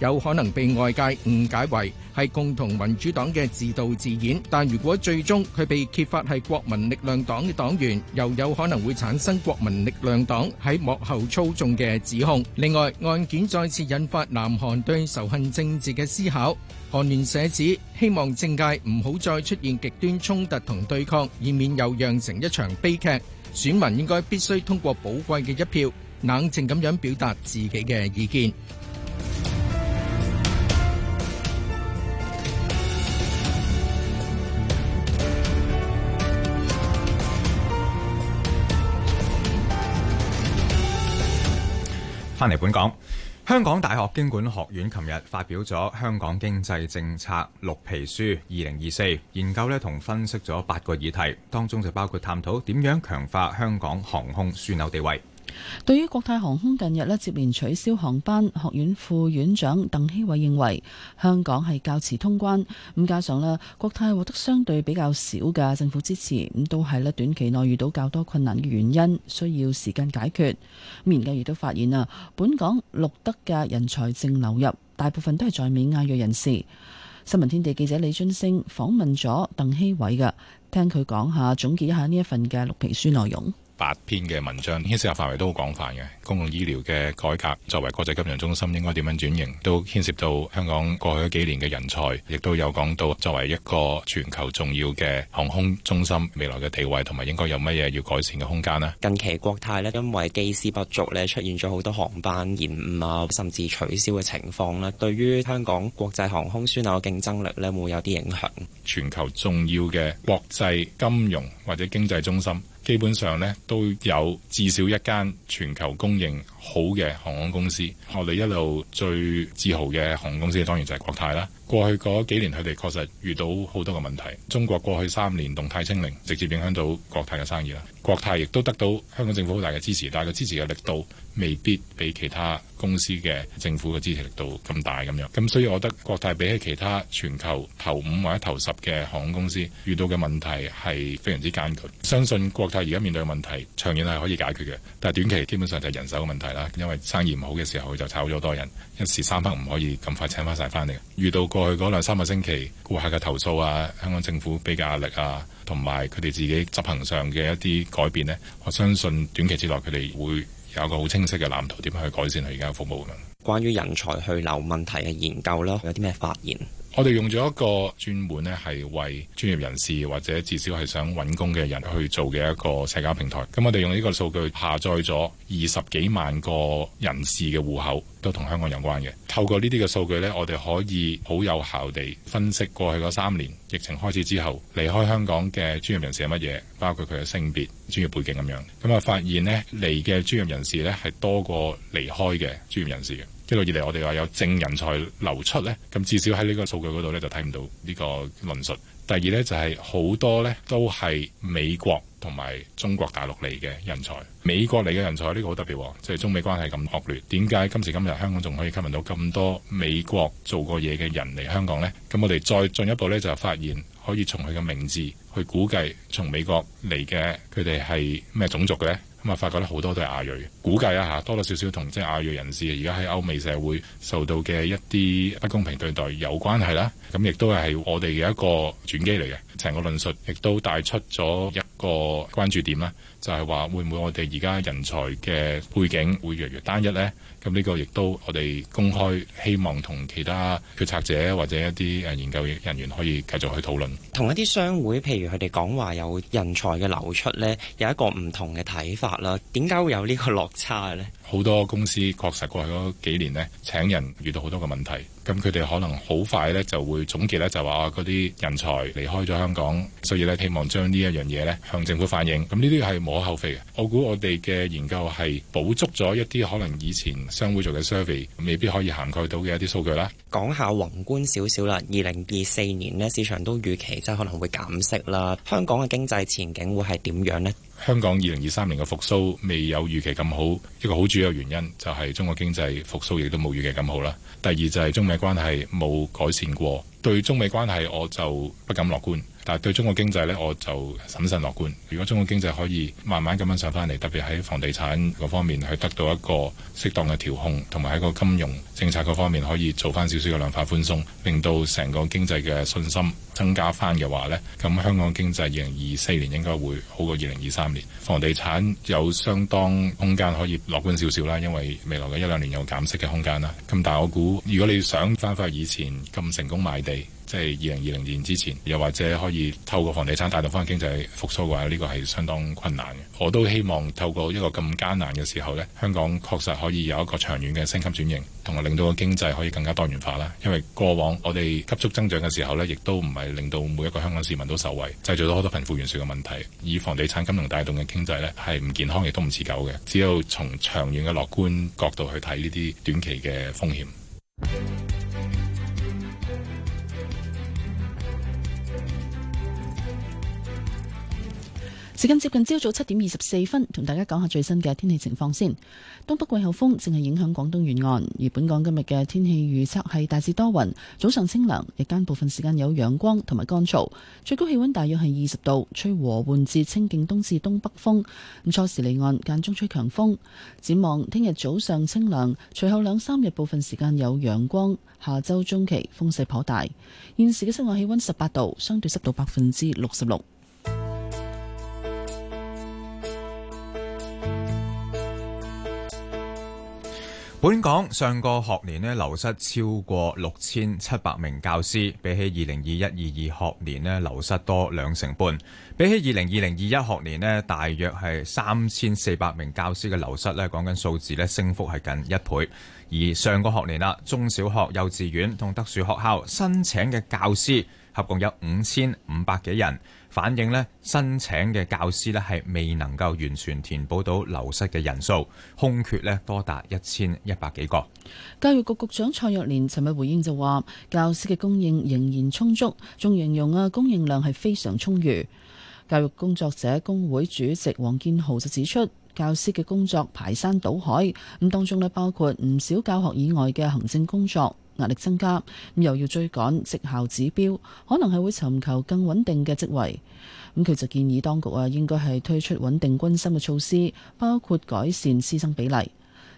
有可能被外界誤解為係共同民主黨嘅自導自演，但如果最終佢被揭發係國民力量黨嘅黨員，又有可能會產生國民力量黨喺幕後操縱嘅指控。另外，案件再次引發南韓對仇恨政治嘅思考。韓聯社指，希望政界唔好再出現極端衝突同對抗，以免又釀成一場悲劇。選民應該必須通過寶貴嘅一票，冷靜咁樣表達自己嘅意見。
翻嚟本港，香港大學經管學院琴日發表咗《香港經濟政策綠皮書》二零二四，研究咧同分析咗八個議題，當中就包括探討點樣強化香港航空樞紐地位。
對於國泰航空近日咧，接連取消航班，學院副院長鄧希偉認為香港係較遲通關，咁加上咧國泰獲得相對比較少嘅政府支持，咁都係咧短期內遇到較多困難嘅原因，需要時間解決。咁研究亦都發現啊，本港錄得嘅人才淨流入，大部分都係在美亞裔人士。新聞天地記者李俊升訪問咗鄧希偉嘅，聽佢講下總結一下呢一份嘅綠皮書內容。
八篇嘅文章，牽涉嘅範圍都好廣泛嘅。公共醫療嘅改革，作為國際金融中心，應該點樣轉型？都牽涉到香港過去幾年嘅人才，亦都有講到作為
一個全球重要嘅航空中心未來嘅地位，同埋應該有乜嘢要改善嘅空間咧？近期國泰咧，因為機師不足咧，出現咗好多航班延誤啊，甚至取消嘅情況咧。對於香港國際航空樞紐嘅競爭力咧，會有啲影響，全球重要嘅國際金融或者經濟中心。基本上
呢都有至少一間全球供應好嘅航空公司，我哋一路最自豪嘅航空公司當然就係國泰啦。過去嗰幾年佢哋確實遇到好多嘅問題。中國過去三年動態清零，直接影響到國泰嘅生意啦。國泰亦都得到香港政府好大嘅支持，但係佢支持嘅力度未必比其他公司嘅政府嘅支持力度咁大咁樣。咁所以我覺得國泰比起其他全球頭五或者頭十嘅航空公司遇到嘅問題係非常之艱巨。相信國泰，而家面對嘅問題，長遠係可以解決嘅，但係短期基本上就係人手嘅問題啦。因為生意唔好嘅時候，佢就炒咗多人，一時三刻唔可以咁快請翻晒翻嚟。遇到過去嗰兩三個星期顧客嘅投訴啊，香港政府俾嘅壓力啊，同埋佢哋自己執行上嘅一啲改變呢，我相信短期之內佢哋會有個好清晰嘅藍圖，點樣去改善佢而家嘅服務嘅。
關於人才去留問題嘅研究囉，有啲咩發現？我哋用咗一個專門
咧，係為專業人士或者至少係想揾工嘅人去做嘅一個社交平台。咁我哋用呢個數據下載咗二十幾萬個人士嘅戶口，都同香港有關嘅。透過呢啲嘅數據呢，我哋可以好有效地分析過去嗰三年疫情開始之後離開香港嘅專業人士係乜嘢，包括佢嘅性別、專業背景咁樣。咁啊，發現呢嚟嘅專業人士呢，係多過離開嘅專業人士嘅。一路以嚟，我哋話有正人才流出呢。咁至少喺呢個數據嗰度呢，就睇唔到呢個論述。第二呢，就係好多呢都係美國同埋中國大陸嚟嘅人才，美國嚟嘅人才呢個好特別喎，即係中美關係咁惡劣，點解今時今日香港仲可以吸引到咁多美國做過嘢嘅人嚟香港呢？咁我哋再進一步呢，就發現，可以從佢嘅名字去估計，從美國嚟嘅佢哋係咩種族嘅呢？咁啊，發覺咧好多都係亞裔，估計吓多多少少同即係亞裔人士而家喺歐美社會受到嘅一啲不公平對待有關係啦。咁亦都係我哋嘅一個轉機嚟嘅，成個論述亦都帶出咗一個關注點啦，就係話會唔會我哋而家人才嘅背景會越嚟越單一呢？咁呢個亦都我哋公開希望同其他決策者或者一啲誒研究人員可以繼續去討論。
同一啲商會，譬如佢哋講話有人才嘅流出呢，有一個唔同嘅睇法啦。點解會有呢個落差呢？好多公司確實過去幾年
呢，請人遇到好多嘅問題。咁佢哋可能好快咧就會總結咧，就話嗰啲人才離開咗香港，所以咧希望將呢一樣嘢咧向政府反映。咁呢啲係無可厚非嘅。我估我哋嘅研究係補足咗一啲可能以前商會做嘅 survey，
未必可以涵蓋到嘅一啲數據啦。講下宏觀少少啦。二零二四年呢，市場都預期即係可能會減息啦。香港嘅經濟前景會係點樣呢？香港二零
二三年嘅復蘇未有預期咁好，一個好主要嘅原因就係中國經濟復蘇亦都冇預期咁好啦，第二就係中美關係冇改善過。對中美關係我就不敢樂觀，但係對中國經濟呢，我就審慎樂觀。如果中國經濟可以慢慢咁樣上翻嚟，特別喺房地產嗰方面去得到一個適當嘅調控，同埋喺個金融政策嗰方面可以做翻少少嘅量化寬鬆，令到成個經濟嘅信心增加翻嘅話呢，咁香港經濟二零二四年應該會好過二零二三年。房地產有相當空間可以樂觀少少啦，因為未來嘅一兩年有減息嘅空間啦。咁但係我估，如果你想翻返去以前咁成功買，即係二零二零年之前，又或者可以透過房地產帶動翻經濟復甦嘅話，呢個係相當困難嘅。我都希望透過一個咁艱難嘅時候呢，香港確實可以有一個長遠嘅升級轉型，同埋令到個經濟可以更加多元化啦。因為過往我哋急速增長嘅時候呢，亦都唔係令到每一個香港市民都受惠，製造咗好多貧富懸殊嘅問題。以房地產金融帶動嘅經濟呢，係唔健康，亦都唔持久嘅。只有從長遠嘅樂觀角度去睇呢啲短期嘅風險。
時間接近朝早七點二十四分，同大家講下最新嘅天氣情況先。東北季候風正係影響廣東沿岸，而本港今日嘅天氣預測係大致多雲，早上清涼，日間部分時間有陽光同埋乾燥，最高氣溫大約係二十度，吹和緩至清勁東至東北風。咁初時離岸間中吹強風。展望聽日早上清涼，隨後兩三日部分時間有陽光，下周中期風勢頗大。現時嘅室外氣溫十八度，相對濕度百分之六十六。
本港上個學年咧流失超過六千七百名教師，比起二零二一二二學年咧流失多兩成半，比起二零二零二一學年咧大約係三千四百名教師嘅流失咧，講緊數字咧升幅係近一倍。而上個學年啦，中小學、幼稚園同特殊學校新請嘅教師合共有五千五百幾人。反映呢申請嘅教師呢係未能夠完全填補到流失嘅人數，空缺呢多達一千一百幾個。
教育局局長蔡若蓮尋日回應就話，教師嘅供應仍然充足，仲形容啊供應量係非常充裕。教育工作者工會主席王建豪就指出，教師嘅工作排山倒海，咁當中呢包括唔少教學以外嘅行政工作。壓力增加，咁又要追趕績效指標，可能係會尋求更穩定嘅職位。咁佢就建議當局啊，應該係推出穩定軍心嘅措施，包括改善師生比例。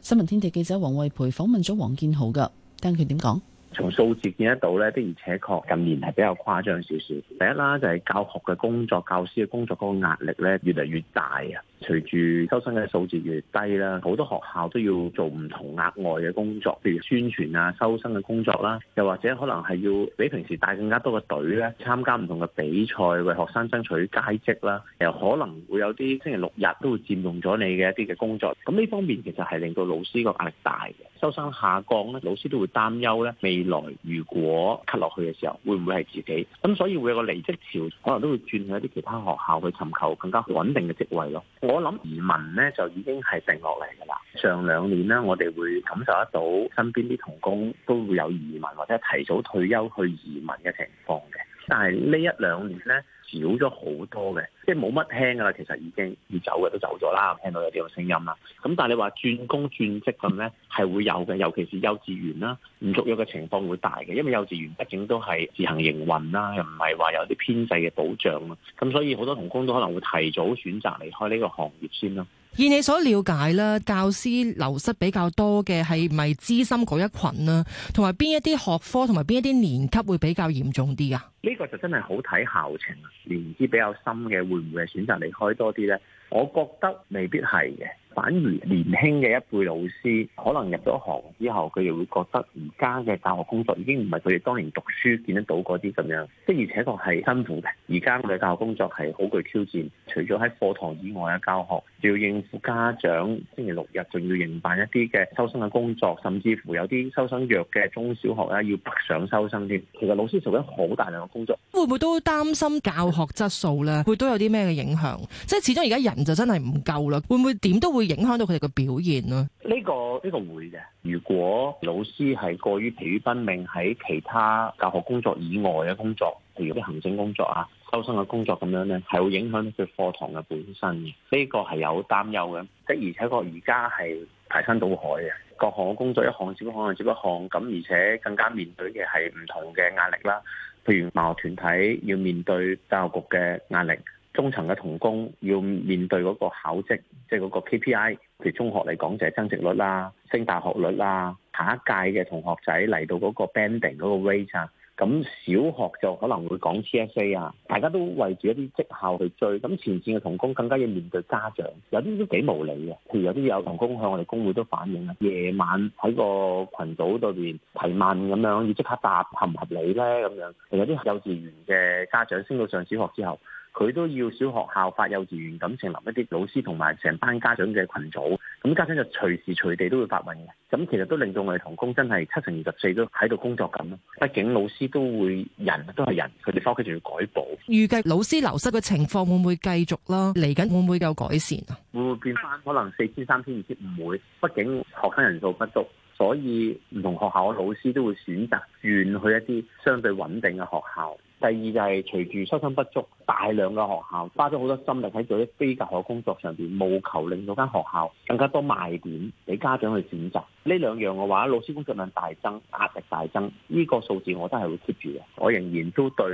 新聞天地記者王惠培訪問咗黃建豪噶，聽佢點講？
從數字見得到呢的而且確近年係比較誇張少少。第一啦，就係、是、教學嘅工作、教師嘅工作嗰個壓力呢越嚟越大啊。隨住收生嘅數字越低啦，好多學校都要做唔同額外嘅工作，譬如宣傳啊、收生嘅工作啦，又或者可能係要比平時帶更加多嘅隊咧，參加唔同嘅比賽，為學生爭取佳績啦，又可能會有啲星期六日都會佔用咗你嘅一啲嘅工作。咁呢方面其實係令到老師個壓力大嘅，收生下降咧，老師都會擔憂咧未來如果 cut 落去嘅時候會唔會係自己，咁所以會有個離職潮，可能都會轉去一啲其他學校去尋求更加穩定嘅職位咯。我諗移民咧，就已經係定落嚟噶啦。上兩年咧，我哋會感受得到身邊啲同工都會有移民或者提早退休去移民嘅情況嘅。但係呢一兩年咧。少咗好多嘅，即係冇乜聽噶啦。其實已經要走嘅都走咗啦。我聽到有呢個聲音啦。咁但係你話轉工轉職咁咧，係會有嘅。尤其是幼稚園啦，唔續約嘅情況會大嘅。因為幼稚園畢竟都係自行營運啦，又唔係話有啲編制嘅保障啊。咁所以好多同工都可能會提早選擇離開呢個行業先囉。
以你所了解啦，教師流失比較多嘅係咪資深嗰一群啦，同埋邊一啲學科同埋邊一啲年級會比較嚴重啲啊？
呢個就真係好睇校情。年資比較深嘅會唔會選擇離開多啲咧？我覺得未必係嘅。反而年輕嘅一輩老師，可能入咗行之後，佢哋會覺得而家嘅教學工作已經唔係佢哋當年讀書見得到嗰啲咁樣，即而且確係辛苦嘅。而家我哋教學工作係好具挑戰，除咗喺課堂以外嘅教學，仲要應付家長，星期六日仲要營辦一啲嘅收生嘅工作，甚至乎有啲收生弱嘅中小學咧，要北上收生添。其實老師做咗好大量嘅工作，
會唔會都擔心教學質素咧？會都有啲咩嘅影響？即係始終而家人就真係唔夠啦，會唔會點都會？會影響到佢哋嘅表現咯、啊，呢、
呢個呢、呢個會嘅。如果老師係過於疲於奔命喺其他教學工作以外嘅工作，譬如啲行政工作啊、收生嘅工作咁樣呢，係會影響到佢課堂嘅本身呢、呢個係有擔憂嘅，即而且確而家係排山倒海嘅，各項嘅工作一項接一項接一項，咁而且更加面對嘅係唔同嘅壓力啦，譬如辦學團體要面對教育局嘅壓力。中層嘅同工要面對嗰個考績，即係嗰個 KPI。譬如中學嚟講就係增值率啦、升大學率啦，下一屆嘅同學仔嚟到嗰個 banding 嗰個 rate 啊。咁小學就可能會講 TSA 啊，大家都為住一啲績效去追。咁前線嘅同工更加要面對家長，有啲都幾無理嘅。譬如有啲有同工向我哋工會都反映啦，夜晚喺個群組度邊提問咁樣，要即刻答合唔合理咧咁樣。又有啲幼稚園嘅家長升到上小學之後。佢都要小學校發幼稚園，咁成立一啲老師同埋成班家長嘅群組，咁家長就隨時隨地都會發問嘅，咁其實都令到我哋同工真係七成二十四都喺度工作緊咯。畢竟老師都會人都係人，佢哋翻屋企仲要改補。
預計老師流失嘅情況會唔會繼續啦？嚟緊會唔會有改善啊？
會唔會變翻可能四千、三千、二千？唔會，畢竟學生人數不足，所以唔同學校嘅老師都會選擇轉去一啲相對穩定嘅學校。第二就係隨住收生不足，大量嘅學校花咗好多心力喺做啲非教學工作上邊，務求令到間學校更加多賣點俾家長去選擇。呢兩樣嘅話，老師工作量大增，壓力大增，呢、這個數字我都係會 keep 住嘅。我仍然都對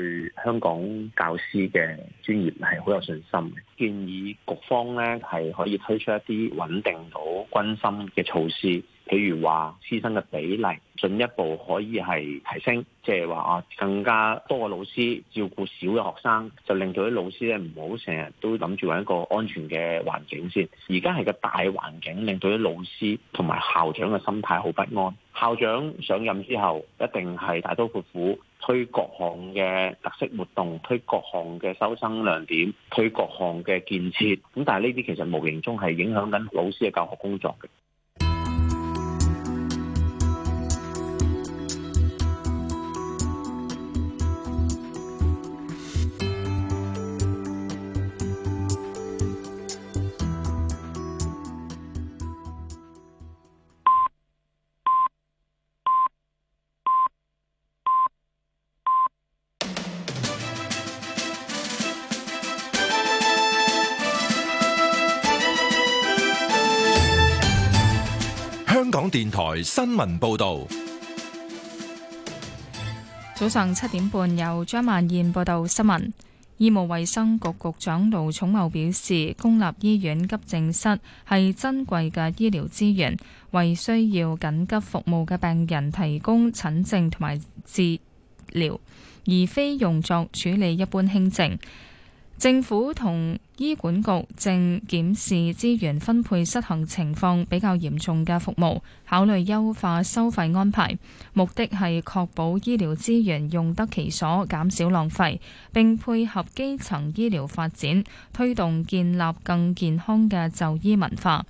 香港教師嘅專業係好有信心，建議局方咧係可以推出一啲穩定到軍心嘅措施。譬如話，師生嘅比例進一步可以係提升，即係話啊，更加多嘅老師照顧少嘅學生，就令到啲老師咧唔好成日都諗住搵一個安全嘅環境先。而家係個大環境令到啲老師同埋校長嘅心態好不安。校長上任之後，一定係大刀闊斧推各項嘅特色活動，推各項嘅收生亮點，推各項嘅建設。咁但係呢啲其實無形中係影響緊老師嘅教學工作嘅。
新聞報道。
早上七點半，由張萬燕報道新聞。醫務衛生局局長盧寵茂表示，公立醫院急症室係珍貴嘅醫療資源，為需要緊急服務嘅病人提供診症同埋治療，而非用作處理一般輕症。政府同醫管局正檢視資源分配失衡情況比較嚴重嘅服務，考慮優化收費安排，目的係確保醫療資源用得其所，減少浪費，並配合基層醫療發展，推動建立更健康嘅就醫文化。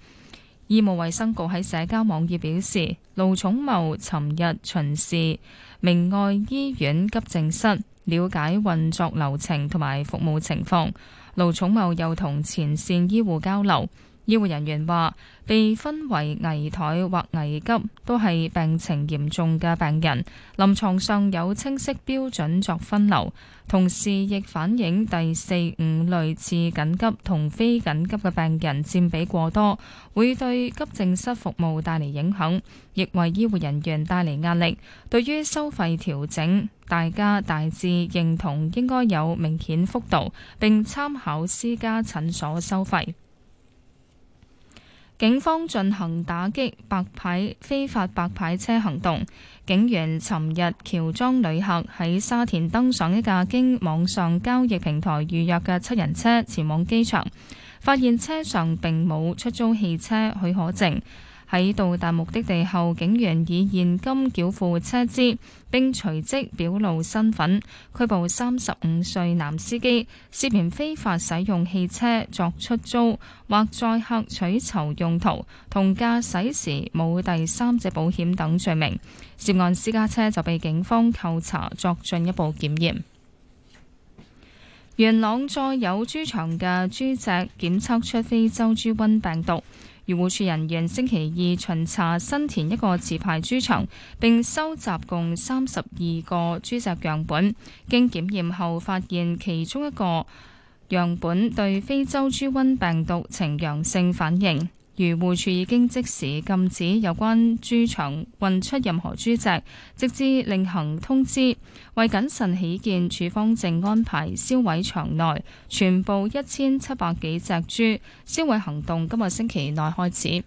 醫務衛生局喺社交網頁表示，盧寵茂尋日巡視明愛醫院急症室。了解運作流程同埋服務情況，盧寵茂又同前線醫護交流。醫護人員話：被分為危殆或危急，都係病情嚴重嘅病人。臨床上有清晰標準作分流，同時亦反映第四、五類次緊急同非緊急嘅病人佔比過多，會對急症室服務帶嚟影響，亦為醫護人員帶嚟壓力。對於收費調整，大家大致認同應該有明顯幅度，並參考私家診所收費。警方進行打擊白牌非法白牌車行動，警員尋日喬裝旅客喺沙田登上一架經網上交易平台預約嘅七人車前往機場，發現車上並冇出租汽車許可證。喺到達目的地後，警員以現金繳付車資，並隨即表露身份拘捕三十五歲男司機，涉嫌非法使用汽車作出租或載客取酬用途，同駕駛時冇第三者保險等罪名。涉案私家車就被警方扣查作進一步檢驗。元朗再有豬場嘅豬隻檢測出非洲豬瘟病毒。漁護署人員星期二巡查新田一個自派豬場，並收集共三十二個豬隻樣本，經檢驗後發現其中一個樣本對非洲豬瘟病毒呈陽性反應。漁護署已經即時禁止有關豬場運出任何豬隻，直至另行通知。為謹慎起見，處方正安排銷毀場內全部一千七百幾隻豬，銷毀行動今個星期內開始。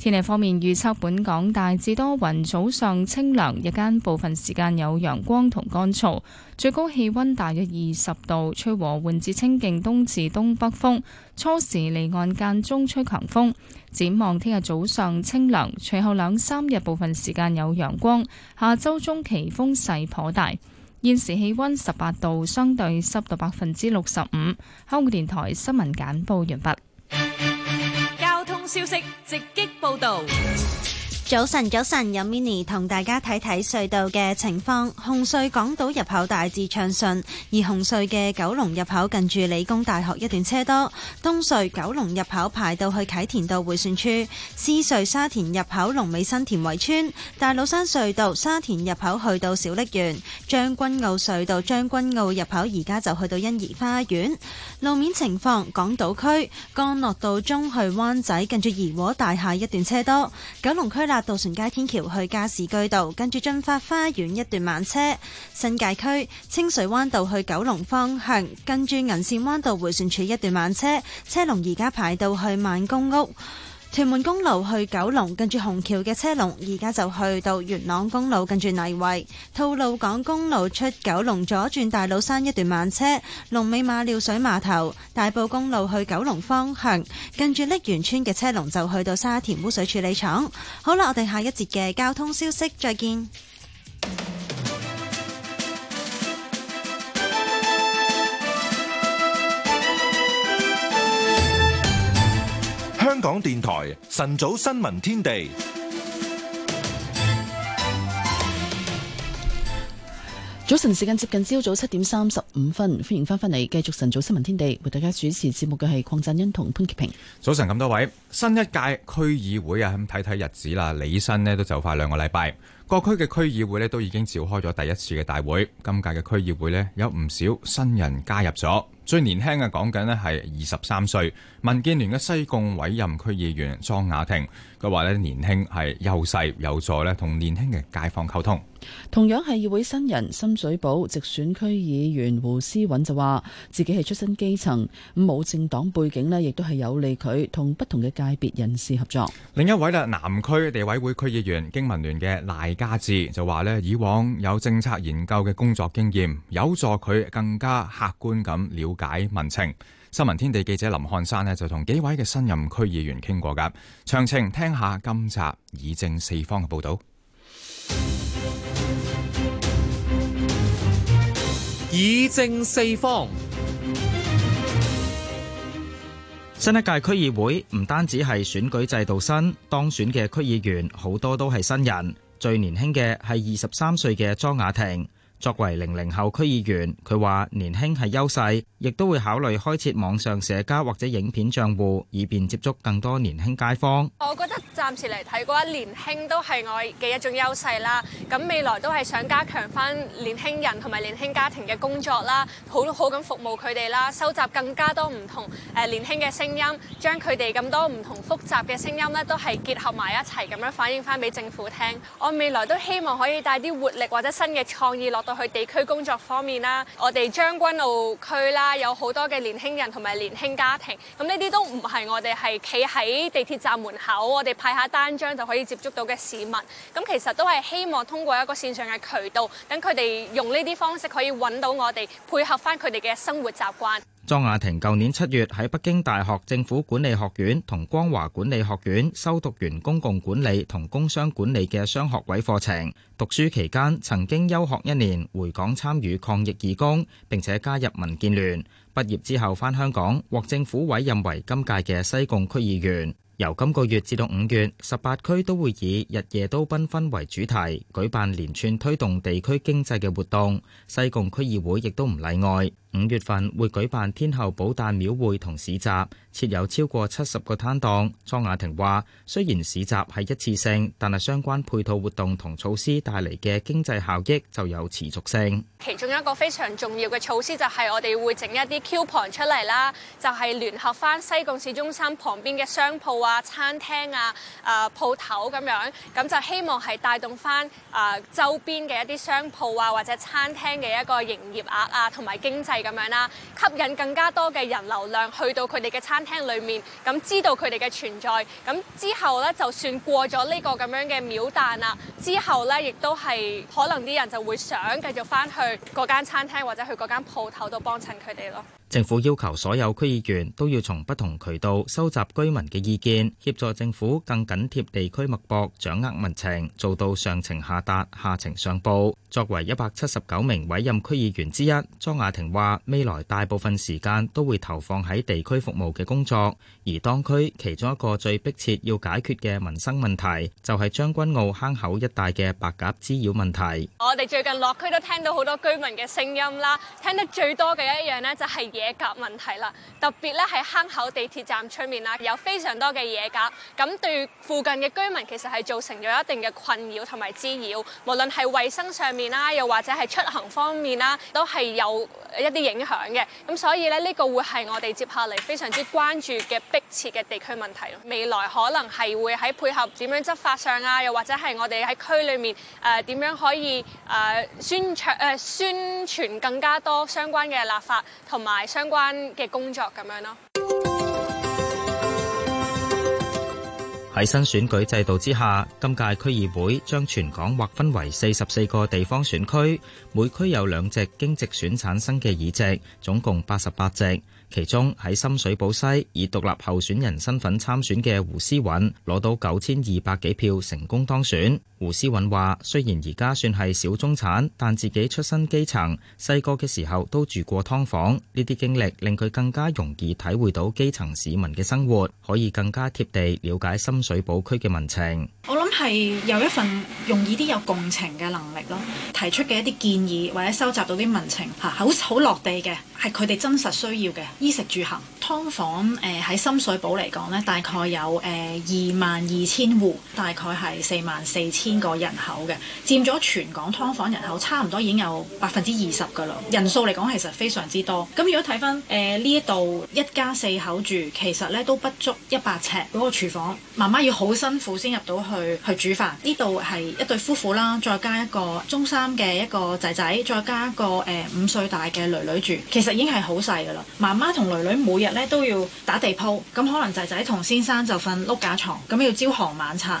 天氣方面預測，本港大致多雲，早上清涼，日間部分時間有陽光同乾燥，最高氣溫大約二十度，吹和緩至清勁東至東北風，初時離岸間中吹強風。展望聽日早上清涼，隨後兩三日部分時間有陽光，下周中期風勢頗大。現時氣溫十八度，相對濕度百分之六十五。香港電台新聞簡報完畢。
消息直擊報導。Yes.
早晨，早晨，有 mini 同大家睇睇隧道嘅情況，紅隧港島入口大致暢順，而紅隧嘅九龍入口近住理工大學一段車多。東隧九龍入口排到去啟田道迴旋處，獅隧沙田入口龍尾新田圍村。大老山隧道沙田入口去到小瀝源。將軍澳隧道將軍澳入口而家就去到欣怡花園。路面情況，港島區幹諾道中去灣仔近住怡和大廈一段車多。九龍區立渡船街天橋去加士居道，跟住駿發花園一段慢車；新界區清水灣道去九龍方向，跟住銀線灣道回旋處一段慢車，車龍而家排到去萬公屋。屯門公路去九龍，近住紅橋嘅車龍，而家就去到元朗公路，近住泥圍，吐露港公路出九龍，左轉大老山一段慢車，龍尾馬料水碼頭，大埔公路去九龍方向，近住瀝源村嘅車龍就去到沙田污水處理廠。好啦，我哋下一節嘅交通消息，再見。
香港電台晨早新聞天地。
早晨時間接近朝早七點三十五分，歡迎翻返嚟，繼續晨早新聞天地。為大家主持節目嘅係鄺振英同潘潔平。
早晨咁多位，新一屆區議會啊，咁睇睇日子啦，李新呢都就快兩個禮拜，各區嘅區議會呢都已經召開咗第一次嘅大會。今屆嘅區議會呢，有唔少新人加入咗。最年輕嘅講緊咧係二十三歲，民建聯嘅西貢委任區議員莊雅婷，佢話咧年輕係優勢，有助咧同年輕嘅街坊溝通。
同樣係議會新人，深水埗直選區議員胡思韻就話，自己係出身基層，咁冇政黨背景咧，亦都係有利佢同不同嘅界別人士合作。
另一位啦，南區地委會區議員經民聯嘅賴家智就話咧，以往有政策研究嘅工作經驗，有助佢更加客觀咁了解解民情。新聞天地記者林漢山咧就同幾位嘅新任區議員傾過噶，詳情聽下今集以正四方嘅報道。以正四
方，新一屆區議會唔單止係選舉制度新，當選嘅區議員好多都係新人，最年輕嘅係二十三歲嘅莊雅婷。作為零零後區議員，佢話年輕係優勢，亦都會考慮開設網上社交或者影片帳戶，以便接觸更多年輕街坊。
我覺得暫時嚟睇過，年輕都係我嘅一種優勢啦。咁未來都係想加強翻年輕人同埋年輕家庭嘅工作啦，好好咁服務佢哋啦，收集更加多唔同誒年輕嘅聲音，將佢哋咁多唔同複雜嘅聲音咧，都係結合埋一齊咁樣反映翻俾政府聽。我未來都希望可以帶啲活力或者新嘅創意落去地區工作方面啦，我哋將軍澳區啦，有好多嘅年輕人同埋年輕家庭，咁呢啲都唔係我哋係企喺地鐵站門口，我哋派下單張就可以接觸到嘅市民，咁其實都係希望通過一個線上嘅渠道，等佢哋用呢啲方式可以揾到我哋，配合返佢哋嘅生活習慣。
莊雅婷舊年七月喺北京大學政府管理學院同光華管理學院修讀完公共管理同工商管理嘅雙學位課程。讀書期間，曾經休學一年回港參與抗疫義工，並且加入民建聯。畢業之後返香港獲政府委任為今屆嘅西貢區議員。由今個月至到五月，十八區都會以日夜都繽紛為主題舉辦連串推動地區經濟嘅活動，西貢區議會亦都唔例外。五月份會舉辦天后寶誕廟會同市集，設有超過七十個攤檔。莊雅婷話：雖然市集係一次性，但係相關配套活動同措施帶嚟嘅經濟效益就有持續性。
其中一個非常重要嘅措施就係我哋會整一啲 coupon 出嚟啦，就係、是、聯合翻西貢市中心旁邊嘅商鋪啊、餐廳啊、誒鋪頭咁樣，咁就希望係帶動翻誒周邊嘅一啲商鋪啊或者餐廳嘅一個營業額啊同埋經濟。咁樣啦，吸引更加多嘅人流量去到佢哋嘅餐廳裏面，咁知道佢哋嘅存在，咁之後咧就算過咗呢個咁樣嘅秒彈啦，之後咧亦都係可能啲人就會想繼續翻去嗰間餐廳或者去嗰間鋪頭度幫襯佢哋咯。
政府要求所有區議員都要從不同渠道收集居民嘅意見，協助政府更緊貼地區脈搏，掌握民情，做到上情下達、下情上報。作為一百七十九名委任區議員之一，莊雅婷話：未來大部分時間都會投放喺地區服務嘅工作。而當區其中一個最迫切要解決嘅民生問題，就係將軍澳坑口一帶嘅白鴿滋擾問題。
我哋最近落區都聽到好多居民嘅聲音啦，聽得最多嘅一樣咧就係。野鴿問題啦，特別咧喺坑口地鐵站出面啦、啊，有非常多嘅野鴿。咁對附近嘅居民其實係造成咗一定嘅困擾同埋滋擾，無論係衛生上面啦、啊，又或者係出行方面啦、啊，都係有一啲影響嘅。咁所以咧，呢、這個會係我哋接下嚟非常之關注嘅迫切嘅地區問題咯。未來可能係會喺配合點樣執法上啊，又或者係我哋喺區裏面誒點、呃、樣可以誒、呃、宣傳誒、呃、宣傳更加多相關嘅立法同埋。相關嘅工作咁樣咯。
喺新選舉制度之下，今屆區議會將全港劃分為四十四個地方選區，每區有兩隻經直選產生嘅議席，總共八十八隻。其中喺深水埗西以獨立候選人身份參選嘅胡思韻攞到九千二百幾票成功當選。胡思韻話：雖然而家算係小中產，但自己出身基層，細個嘅時候都住過㓥房，呢啲經歷令佢更加容易體會到基層市民嘅生活，可以更加貼地了解深水埗區嘅民情。
我諗係有一份容易啲有共情嘅能力咯，提出嘅一啲建議或者收集到啲民情吓，好好落地嘅，係佢哋真實需要嘅。衣食住行，劏房誒喺、呃、深水埗嚟講咧，大概有誒二萬二千戶，大概係四萬四千個人口嘅，佔咗全港劏房人口差唔多已經有百分之二十㗎啦，人數嚟講其實非常之多。咁如果睇翻誒呢一度一家四口住，其實咧都不足一百尺嗰個廚房，媽媽要好辛苦先入到去去煮飯。呢度係一對夫婦啦，再加一個中三嘅一個仔仔，再加一個誒五歲大嘅女女住，其實已經係好細㗎啦，媽媽，同女女每日咧都要打地鋪，咁可能仔仔同先生就瞓碌架床，咁要朝行晚拆。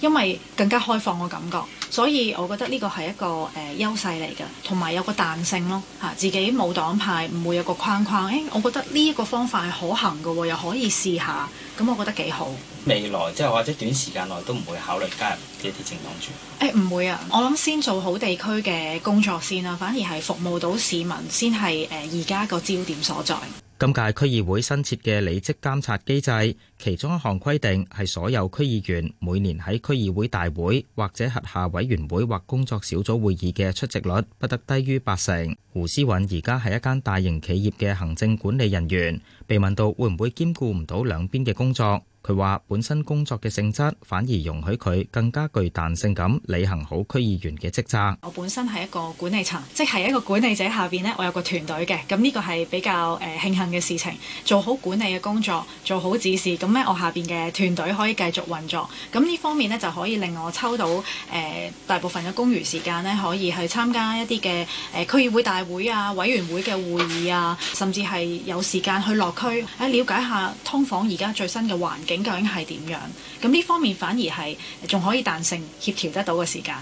因為更加開放嘅感覺，所以我覺得呢個係一個誒、呃、優勢嚟嘅，同埋有個彈性咯嚇、啊。自己冇黨派，唔會有個框框。誒、欸，我覺得呢一個方法係可行嘅喎，又可以試下。咁我覺得幾好。
未來即係或者短時間內都唔會考慮加入呢一啲政黨。誒、欸、
唔會啊！我諗先做好地區嘅工作先啦、啊，反而係服務到市民先係誒而家個焦點所在。
今屆區議會新設嘅履職監察機制，其中一項規定係所有區議員每年喺區議會大會或者轄下委員會或工作小組會議嘅出席率不得低於八成。胡思韻而家係一間大型企業嘅行政管理人員，被問到會唔會兼顧唔到兩邊嘅工作。佢話本身工作嘅性質反而容許佢更加具彈性咁履行好區議員嘅職責。
我本身係一個管理層，即係一個管理者下邊咧，我有個團隊嘅。咁呢個係比較誒慶幸嘅事情。做好管理嘅工作，做好指示，咁咧我下邊嘅團隊可以繼續運作。咁呢方面咧就可以令我抽到誒、呃、大部分嘅公餘時間咧，可以去參加一啲嘅誒區議會大會啊、委員會嘅會議啊，甚至係有時間去落區喺了解下通房而家最新嘅環境。究竟係點樣？咁呢方面反而係仲可以彈性協調得到嘅時間。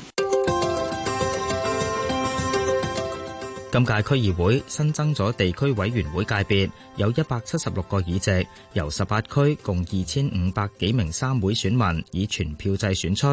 今屆區議會新增咗地區委員會界別，有一百七十六個議席，由十八區共二千五百幾名三會選民以全票制選出。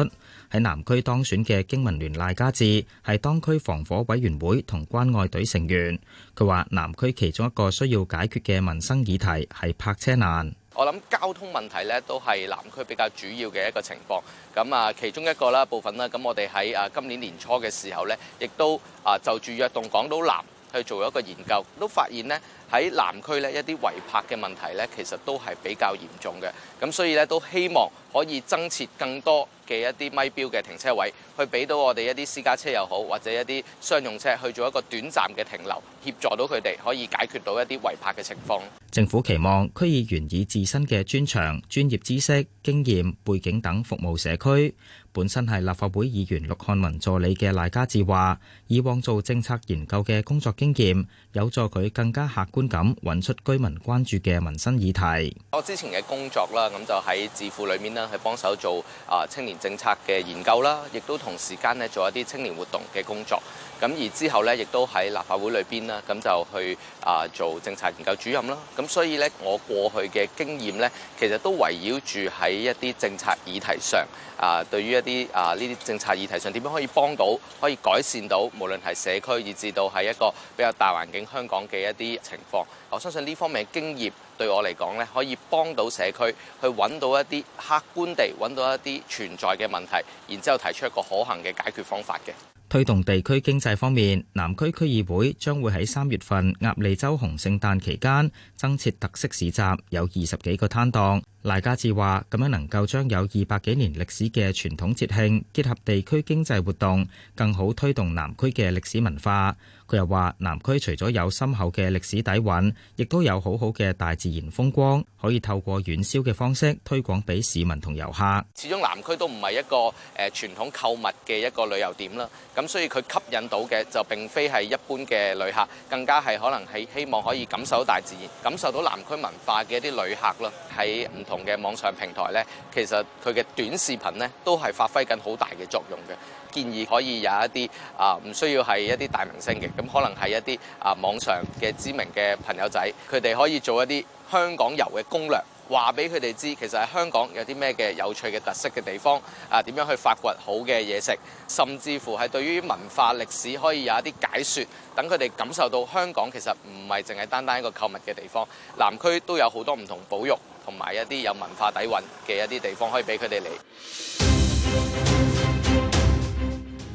喺南區當選嘅經民聯賴家智係當區防火委員會同關愛隊成員。佢話南區其中一個需要解決嘅民生議題係泊車難。
我諗交通問題咧，都係南區比較主要嘅一個情況。咁啊，其中一個啦部分啦，咁我哋喺啊今年年初嘅時候咧，亦都啊就住躍動港島南去做一個研究，都發現呢，喺南區呢，一啲違泊嘅問題呢，其實都係比較嚴重嘅。咁所以呢，都希望可以增設更多嘅一啲咪錶嘅停車位，去俾到我哋一啲私家車又好，或者一啲商用車去做一個短暫嘅停留，協助到佢哋可以解決到一啲違泊嘅情況。
政府期望區議員以自身嘅專長、專業知識、經驗、背景等服務社區。本身係立法會議員陸漢文助理嘅賴家智話，以往做政策研究嘅工作經驗，有助佢更加客觀感揾出居民關注嘅民生議題。
我之前嘅工作啦，咁就喺智庫裏面啦，去幫手做啊青年政策嘅研究啦，亦都同時間咧做一啲青年活動嘅工作。咁而之後呢，亦都喺立法會裏邊啦，咁就去啊做政策研究主任啦。咁所以呢，我過去嘅經驗呢，其實都圍繞住喺一啲政策議題上。啊！對於一啲啊呢啲政策議題上，點樣可以幫到，可以改善到，無論係社區以至到係一個比較大環境香港嘅一啲情況，我相信呢方面嘅經驗對我嚟講咧，可以幫到社區去揾到一啲客觀地揾到一啲存在嘅問題，然之後提出一個可行嘅解決方法嘅。
推動地區經濟方面，南區區議會將會喺三月份鴨脷洲洪聖誕期間增設特色市集，有二十幾個攤檔。黎家智話：咁樣能夠將有二百幾年歷史嘅傳統節慶結合地區經濟活動，更好推動南區嘅歷史文化。佢又話：南區除咗有深厚嘅歷史底蘊，亦都有好好嘅大自然風光，可以透過遠銷嘅方式推廣俾市民同遊客。
始終南區都唔係一個誒傳統購物嘅一個旅遊點啦，咁所以佢吸引到嘅就並非係一般嘅旅客，更加係可能係希望可以感受到大自然、感受到南區文化嘅一啲旅客咯，喺唔同。嘅網上平台咧，其實佢嘅短視頻咧都係發揮緊好大嘅作用嘅，建議可以有一啲啊，唔需要係一啲大明星嘅，咁可能係一啲啊網上嘅知名嘅朋友仔，佢哋可以做一啲香港遊嘅攻略。話俾佢哋知，其實喺香港有啲咩嘅有趣嘅特色嘅地方啊？點樣去發掘好嘅嘢食，甚至乎係對於文化歷史可以有一啲解説，等佢哋感受到香港其實唔係淨係單單一個購物嘅地方。南區都有好多唔同保育同埋一啲有文化底蘊嘅一啲地方，可以俾佢哋嚟。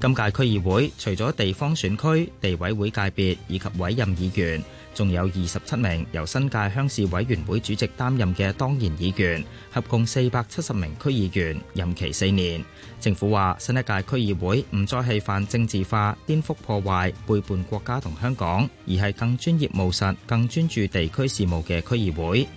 今屆區議會除咗地方選區、地委會界別以及委任議員。仲有二十七名由新界鄉事委員會主席擔任嘅當然議員，合共四百七十名區議員，任期四年。政府話，新一屆區議會唔再係泛政治化、顛覆破壞、背叛國家同香港，而係更專業務實、更專注地區事務嘅區議會。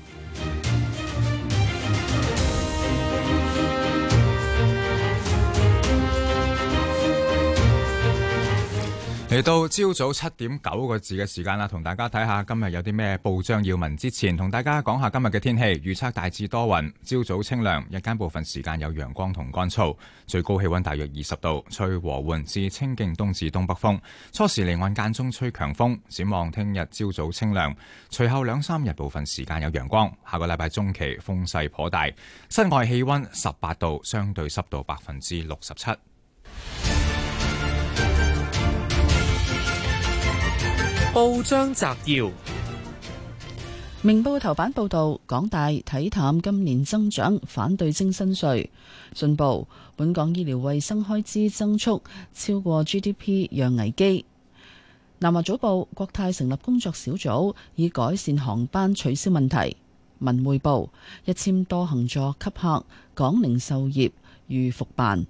嚟到朝早七點九個字嘅時間啦，同大家睇下今日有啲咩報章要聞。之前同大家講下今日嘅天氣預測，大致多雲，朝早清涼，日間部分時間有陽光同乾燥，最高氣溫大約二十度，吹和緩至清勁東至東北風，初時離岸間中吹強風。展望聽日朝早清涼，隨後兩三日部分時間有陽光。下個禮拜中期風勢頗大，室外氣溫十八度，相對濕度百分之六十七。報章摘要：
明報頭版報道，港大體淡今年增長，反對徵新稅；進步，本港醫療衛生開支增速超過 GDP，讓危機。南華早報，國泰成立工作小組，以改善航班取消問題。文匯報，一簽多行座吸客，港零售業遇復辦。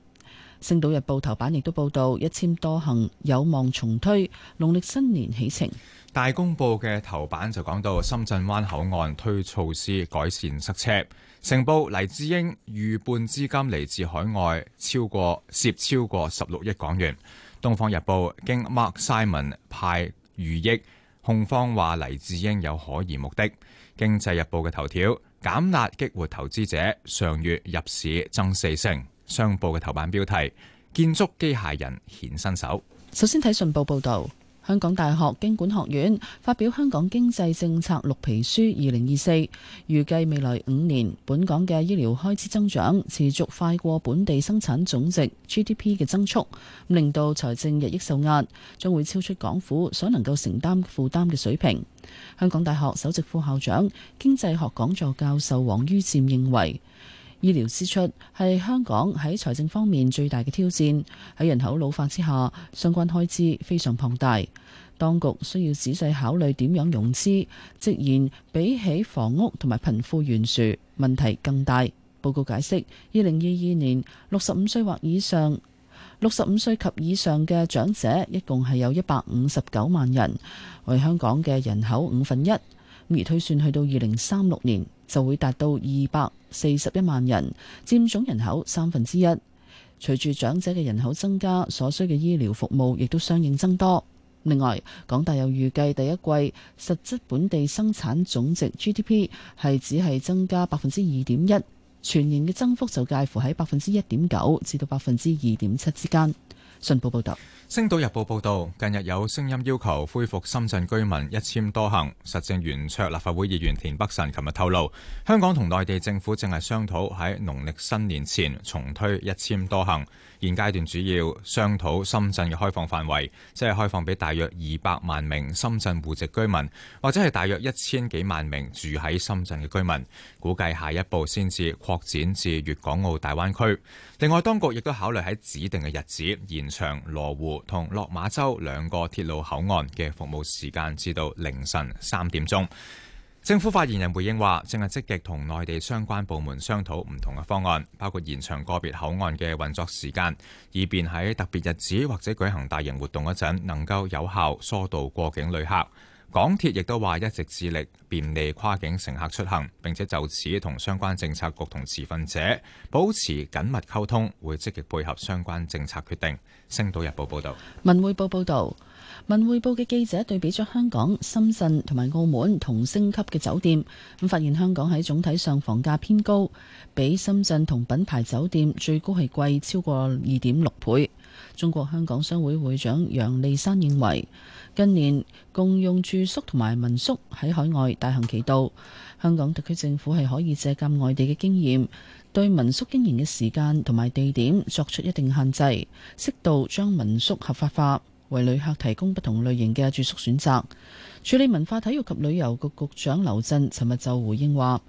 《星島日報》頭版亦都報道，一簽多行有望重推，農曆新年起程。
《大公報》嘅頭版就講到，深圳灣口岸推措施改善塞車。《成報》黎智英逾半資金嚟自海外，超過涉超過十六億港元。《東方日報》經 Mark Simon 派逾億，控方話黎智英有可疑目的。《經濟日報》嘅頭條減壓激活投資者，上月入市增四成。商報嘅頭版標題：建築機械人顯身手。
首先睇信報報道，香港大學經管學院發表《香港經濟政策綠皮書》二零二四，預計未來五年本港嘅醫療開支增長持續快過本地生產總值 GDP 嘅增速，令到財政日益受壓，將會超出港府所能夠承擔負擔嘅水平。香港大學首席副校長、經濟學講座教授王于漸認為。醫療支出係香港喺財政方面最大嘅挑戰，喺人口老化之下，相關開支非常龐大。當局需要仔細考慮點樣融資，直言比起房屋同埋貧富懸殊問題更大。報告解釋，二零二二年六十五歲或以上、六十五歲及以上嘅長者一共係有一百五十九萬人，為香港嘅人口五分一。而推算去到二零三六年，就會達到二百四十一萬人，佔總人口三分之一。隨住長者嘅人口增加，所需嘅醫療服務亦都相應增多。另外，港大又預計第一季實質本地生產總值 GDP 係只係增加百分之二點一，全年嘅增幅就介乎喺百分之一點九至到百分之二點七之間。信報報道。
星島日報報道，近日有聲音要求恢復深圳居民一簽多行，實政圓桌立法會議員田北辰琴日透露，香港同內地政府正係商討喺農曆新年前重推一簽多行。現階段主要商討深圳嘅開放範圍，即係開放畀大約二百萬名深圳戶籍居民，或者係大約一千幾萬名住喺深圳嘅居民。估計下一步先至擴展至粵港澳大灣區。另外，當局亦都考慮喺指定嘅日子延長羅湖同落馬洲兩個鐵路口岸嘅服務時間，至到凌晨三點鐘。政府發言人回應話：正係積極同內地相關部門商討唔同嘅方案，包括延長個別口岸嘅運作時間，以便喺特別日子或者舉行大型活動嗰陣，能夠有效疏導過境旅客。港鐵亦都話一直致力便利跨境乘客出行，並且就此同相關政策局同持份者保持緊密溝通，會積極配合相關政策決定。星島日報報道，
文匯報報道。文匯報嘅記者對比咗香港、深圳同埋澳門同星級嘅酒店，咁發現香港喺總體上房價偏高，比深圳同品牌酒店最高係貴超過二點六倍。中國香港商會會長楊麗珊認為，近年共用住宿同埋民宿喺海外大行其道，香港特區政府係可以借鑒外地嘅經驗，對民宿經營嘅時間同埋地點作出一定限制，適度將民宿合法化。為旅客提供不同類型嘅住宿選擇。處理文化體育及旅遊局局長劉振尋日就回應話，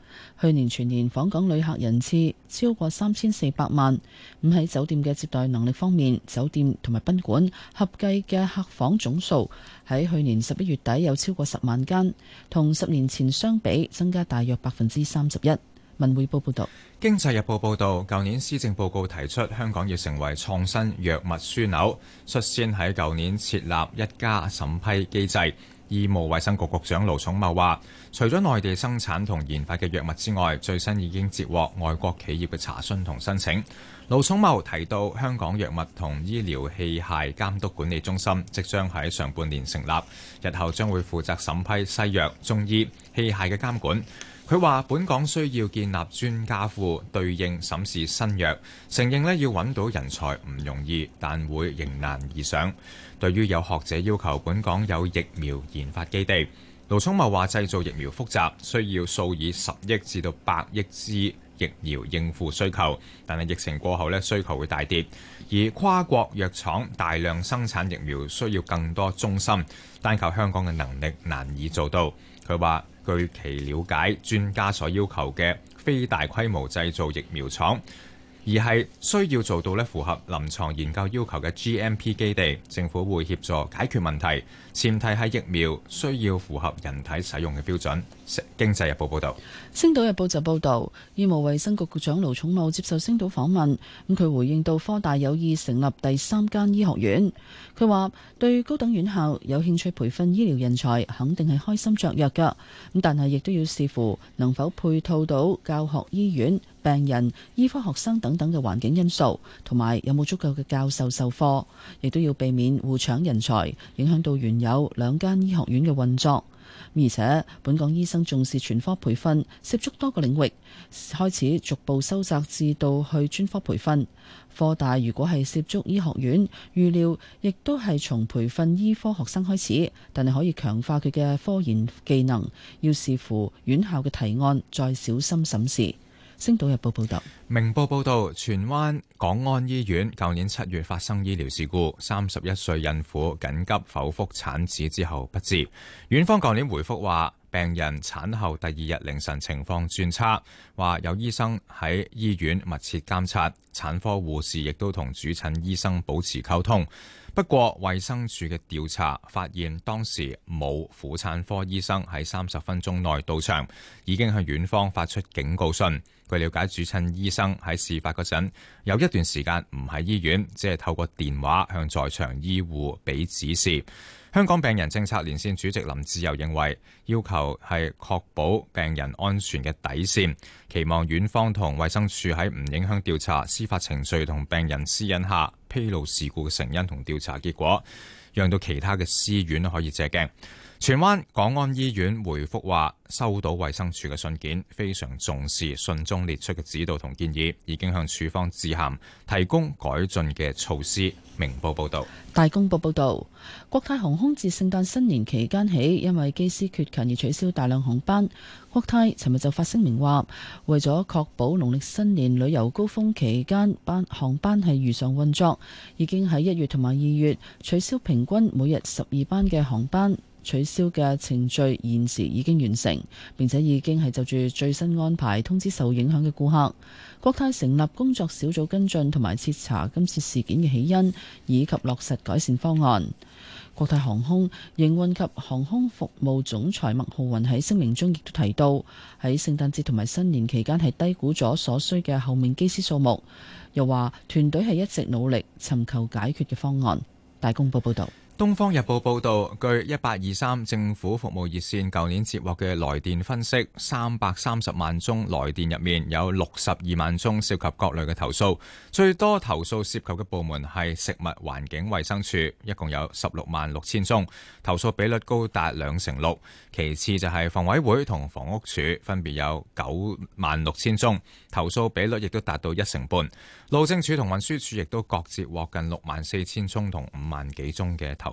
去年全年訪港旅客人次超過三千四百萬。咁喺酒店嘅接待能力方面，酒店同埋賓館合計嘅客房總數喺去年十一月底有超過十萬間，同十年前相比增加大約百分之三十一。文匯報報道，
《經濟日報》報道，舊年施政報告提出，香港要成為創新藥物樞紐，率先喺舊年設立一家審批機制。醫務衛生局局長盧寵茂話，除咗內地生產同研發嘅藥物之外，最新已經接獲外國企業嘅查詢同申請。盧寵茂提到，香港藥物同醫療器械監督管理中心即將喺上半年成立，日後將會負責審批西藥、中醫、器械嘅監管。佢話：本港需要建立專家庫對應審視新藥，承認呢要揾到人才唔容易，但會迎難而上。對於有學者要求本港有疫苗研發基地，盧松茂話：製造疫苗複雜，需要數以十億至到百億支疫苗應付需求，但係疫情過後呢需求會大跌。而跨國藥廠大量生產疫苗需要更多中心，單靠香港嘅能力難以做到。佢話。據其了解，專家所要求嘅非大規模製造疫苗廠，而係需要做到咧符合臨床研究要求嘅 GMP 基地，政府會協助解決問題。前提係疫苗需要符合人體使用嘅標準。《經濟日報》報導，
《星島日報》就報導，醫務衛生局局長盧寵茂接受《星島》訪問，咁佢回應到科大有意成立第三間醫學院，佢話對高等院校有興趣培訓醫療人才，肯定係開心雀躍嘅，咁但係亦都要視乎能否配套到教學醫院、病人、醫科學生等等嘅環境因素，同埋有冇足夠嘅教授授課，亦都要避免互搶人才，影響到原有兩間醫學院嘅運作。而且，本港醫生重視全科培訓，涉足多個領域，開始逐步收窄至到去專科培訓。科大如果係涉足醫學院，預料亦都係從培訓醫科學生開始，但係可以強化佢嘅科研技能，要視乎院校嘅提案，再小心審視。星島日報報道，
明報報道，荃灣港安醫院舊年七月發生醫療事故，三十一歲孕婦緊急剖腹產子之後不治。院方舊年回覆話，病人產後第二日凌晨情況轉差，話有醫生喺醫院密切監察，產科護士亦都同主診醫生保持溝通。不過衛生署嘅調查發現，當時冇婦產科醫生喺三十分鐘內到場，已經向院方發出警告信。據了解，主診醫生喺事發嗰陣有一段時間唔喺醫院，只係透過電話向在場醫護俾指示。香港病人政策連線主席林志柔認為，要求係確保病人安全嘅底線，期望院方同衛生署喺唔影響調查、司法程序同病人私隱下，披露事故嘅成因同調查結果，讓到其他嘅私院可以借鏡。荃灣港安醫院回覆話，收到衛生署嘅信件，非常重視信中列出嘅指導同建議，已經向署方致函提供改進嘅措施。明報報道，
大公報報道，國泰航空自聖誕新年期間起，因為機師缺勤而取消大量航班。國泰尋日就發聲明話，為咗確保農曆新年旅遊高峰期間班航班係如常運作，已經喺一月同埋二月取消平均每日十二班嘅航班。取消嘅程序現時已經完成，並且已經係就住最新安排通知受影響嘅顧客。國泰成立工作小組跟進同埋徹查今次事件嘅起因，以及落實改善方案。國泰航空營運及航空服務總裁麥浩雲喺聲明中亦都提到，喺聖誕節同埋新年期間係低估咗所需嘅後面機師數目，又話團隊係一直努力尋求解決嘅方案。大公報報道。
《東方日報》報道，據一八二三政府服務熱線舊年接獲嘅來電分析，三百三十萬宗來電入面有六十二萬宗涉及各類嘅投訴，最多投訴涉及嘅部門係食物環境衛生署，一共有十六萬六千宗，投訴比率高達兩成六。其次就係房委會同房屋署，分別有九萬六千宗，投訴比率亦都達到一成半。路政署同運輸署亦都各接獲近六萬四千宗同五萬幾宗嘅投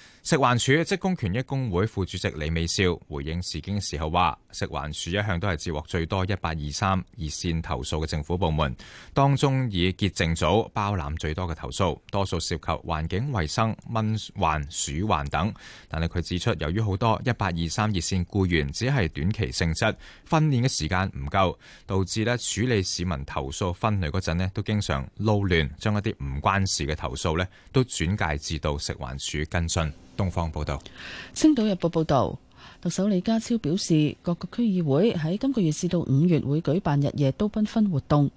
食環署職工權益工會副主席李美少回應時經時候話，食環署一向都係接獲最多一八二三熱線投訴嘅政府部門，當中以潔淨組包攬最多嘅投訴，多數涉及環境衛生、蚊患、鼠患等。但係佢指出，由於好多一八二三熱線僱員只係短期性質，訓練嘅時間唔夠，導致咧處理市民投訴分類嗰陣咧都經常撈亂，將一啲唔關事嘅投訴咧都轉介至到食環署跟進。東方報道，
《星島日報》報道，特首李家超表示，各個區議會喺今個月至到五月會舉辦日夜都繽紛活動。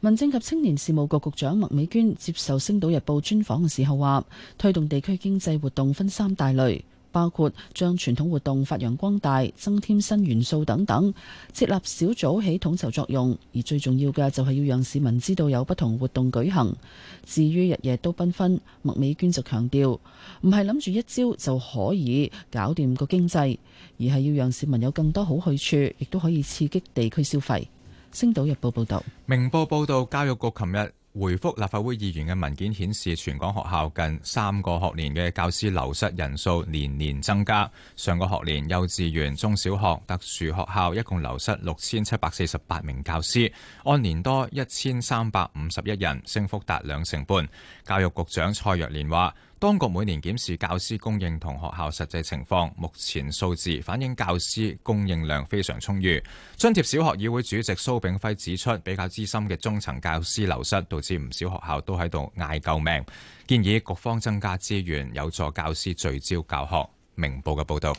民政及青年事務局局局長麥美娟接受《星島日報》專訪嘅時候話，推動地區經濟活動分三大類。包括將傳統活動發揚光大、增添新元素等等，設立小組起統籌作用，而最重要嘅就係要讓市民知道有不同活動舉行。至於日夜都繽紛，麥美娟就強調，唔係諗住一招就可以搞掂個經濟，而係要讓市民有更多好去處，亦都可以刺激地區消費。星島日報報道，
明報報道，教育局琴日。回覆立法會議員嘅文件顯示，全港學校近三個學年嘅教師流失人數年年增加。上個學年，幼稚園、中小學、特殊學校一共流失六千七百四十八名教師，按年多一千三百五十一人，升幅達兩成半。教育局長蔡若蓮話：當局每年檢視教師供應同學校實際情況，目前數字反映教師供應量非常充裕。津貼小學議會主席蘇炳輝指出，比較資深嘅中層教師流失，導致唔少學校都喺度嗌救命，建議局方增加資源，有助教師聚焦教學。明報嘅報道。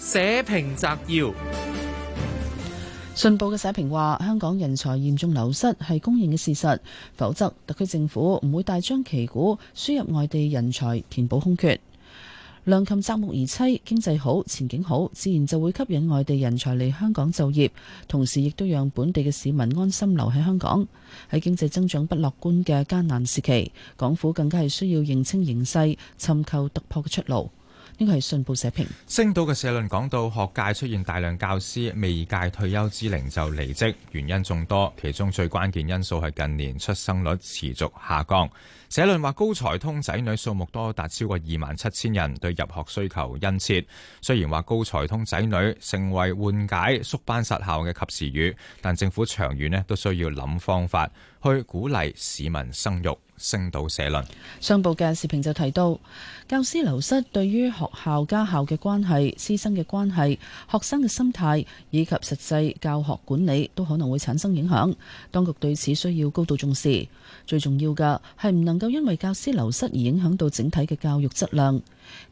社評摘要。
信報嘅社評話：香港人才嚴重流失係公認嘅事實，否則特區政府唔會大張旗鼓輸入外地人才填補空缺。良禽擇木而棲，經濟好前景好，自然就會吸引外地人才嚟香港就業，同時亦都讓本地嘅市民安心留喺香港。喺經濟增長不樂觀嘅艱難時期，港府更加係需要認清形勢，尋求突破嘅出路。係信報社評。
星島嘅社論講到，學界出現大量教師未屆退休之齡就離職，原因眾多，其中最關鍵因素係近年出生率持續下降。社論話，高才通仔女數目多達超過二萬七千人，對入學需求殷切。雖然話高才通仔女成為緩解縮班殺校嘅及時雨，但政府長遠呢都需要諗方法，去鼓勵市民生育，星島社論。
上報嘅時評就提到，教師流失對於學校、家校嘅關係、師生嘅關係、學生嘅心態以及實際教學管理都可能會產生影響。當局對此需要高度重視。最重要嘅係唔能夠因為教師流失而影響到整體嘅教育質量。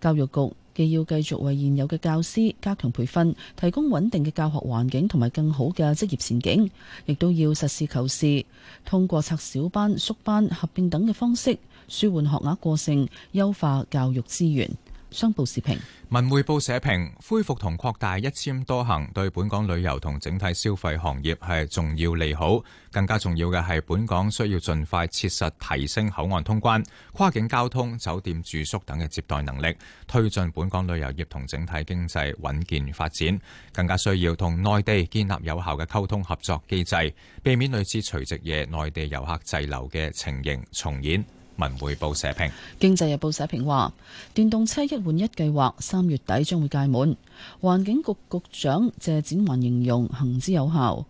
教育局，既要繼續為現有嘅教師加強培訓，提供穩定嘅教學環境同埋更好嘅職業前景，亦都要實事求是，通過拆小班、縮班、合併等嘅方式，舒緩學額過剩，優化教育資源。商報視評，
文匯報社評：恢復同擴大一簽多行，對本港旅遊同整體消費行業係重要利好。更加重要嘅係，本港需要盡快切實提升口岸通關、跨境交通、酒店住宿等嘅接待能力，推進本港旅遊業同整體經濟穩健發展。更加需要同內地建立有效嘅溝通合作機制，避免類似除夕夜內地遊客滯留嘅情形重演。文匯報社評，
《經濟日報》社評話，電動車一換一計劃三月底將會屆滿。環境局局長謝展寰形容行之有效，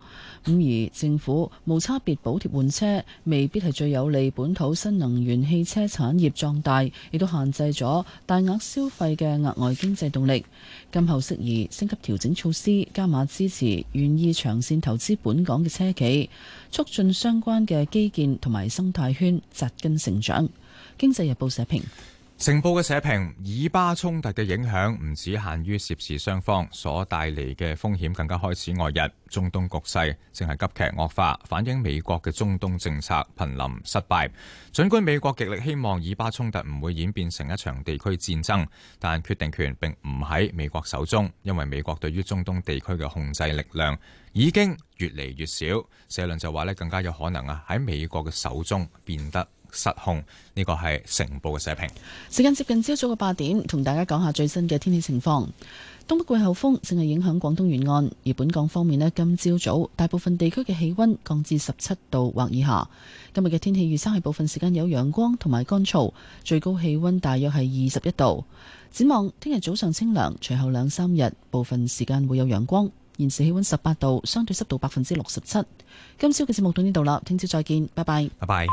咁而政府無差別補貼換車，未必係最有利本土新能源汽車產業壯大，亦都限制咗大額消費嘅額外經濟動力。今後適宜升級調整措施，加碼支持願意長線投資本港嘅車企，促進相關嘅基建同埋生態圈扎根成長。經濟日報社評。
成報嘅社評：以巴衝突嘅影響唔止限於涉事雙方，所帶嚟嘅風險更加開始外溢。中東局勢正係急劇惡化，反映美國嘅中東政策瀕臨失敗。儘管美國極力希望以巴衝突唔會演變成一場地區戰爭，但決定權並唔喺美國手中，因為美國對於中東地區嘅控制力量已經越嚟越少。社論就話呢更加有可能啊喺美國嘅手中變得。失控呢，這個係成報嘅社評。
時間接近朝早嘅八點，同大家講下最新嘅天氣情況。東北季候風正係影響廣東沿岸，而本港方面呢，今朝早，早大部分地區嘅氣溫降至十七度或以下。今日嘅天氣預測係部分時間有陽光同埋乾燥，最高氣溫大約係二十一度。展望聽日早上清涼，隨後兩三日部分時間會有陽光，現時氣溫十八度，相對濕度百分之六十
七。今朝嘅節目到呢度啦，聽朝再見，拜拜，拜拜。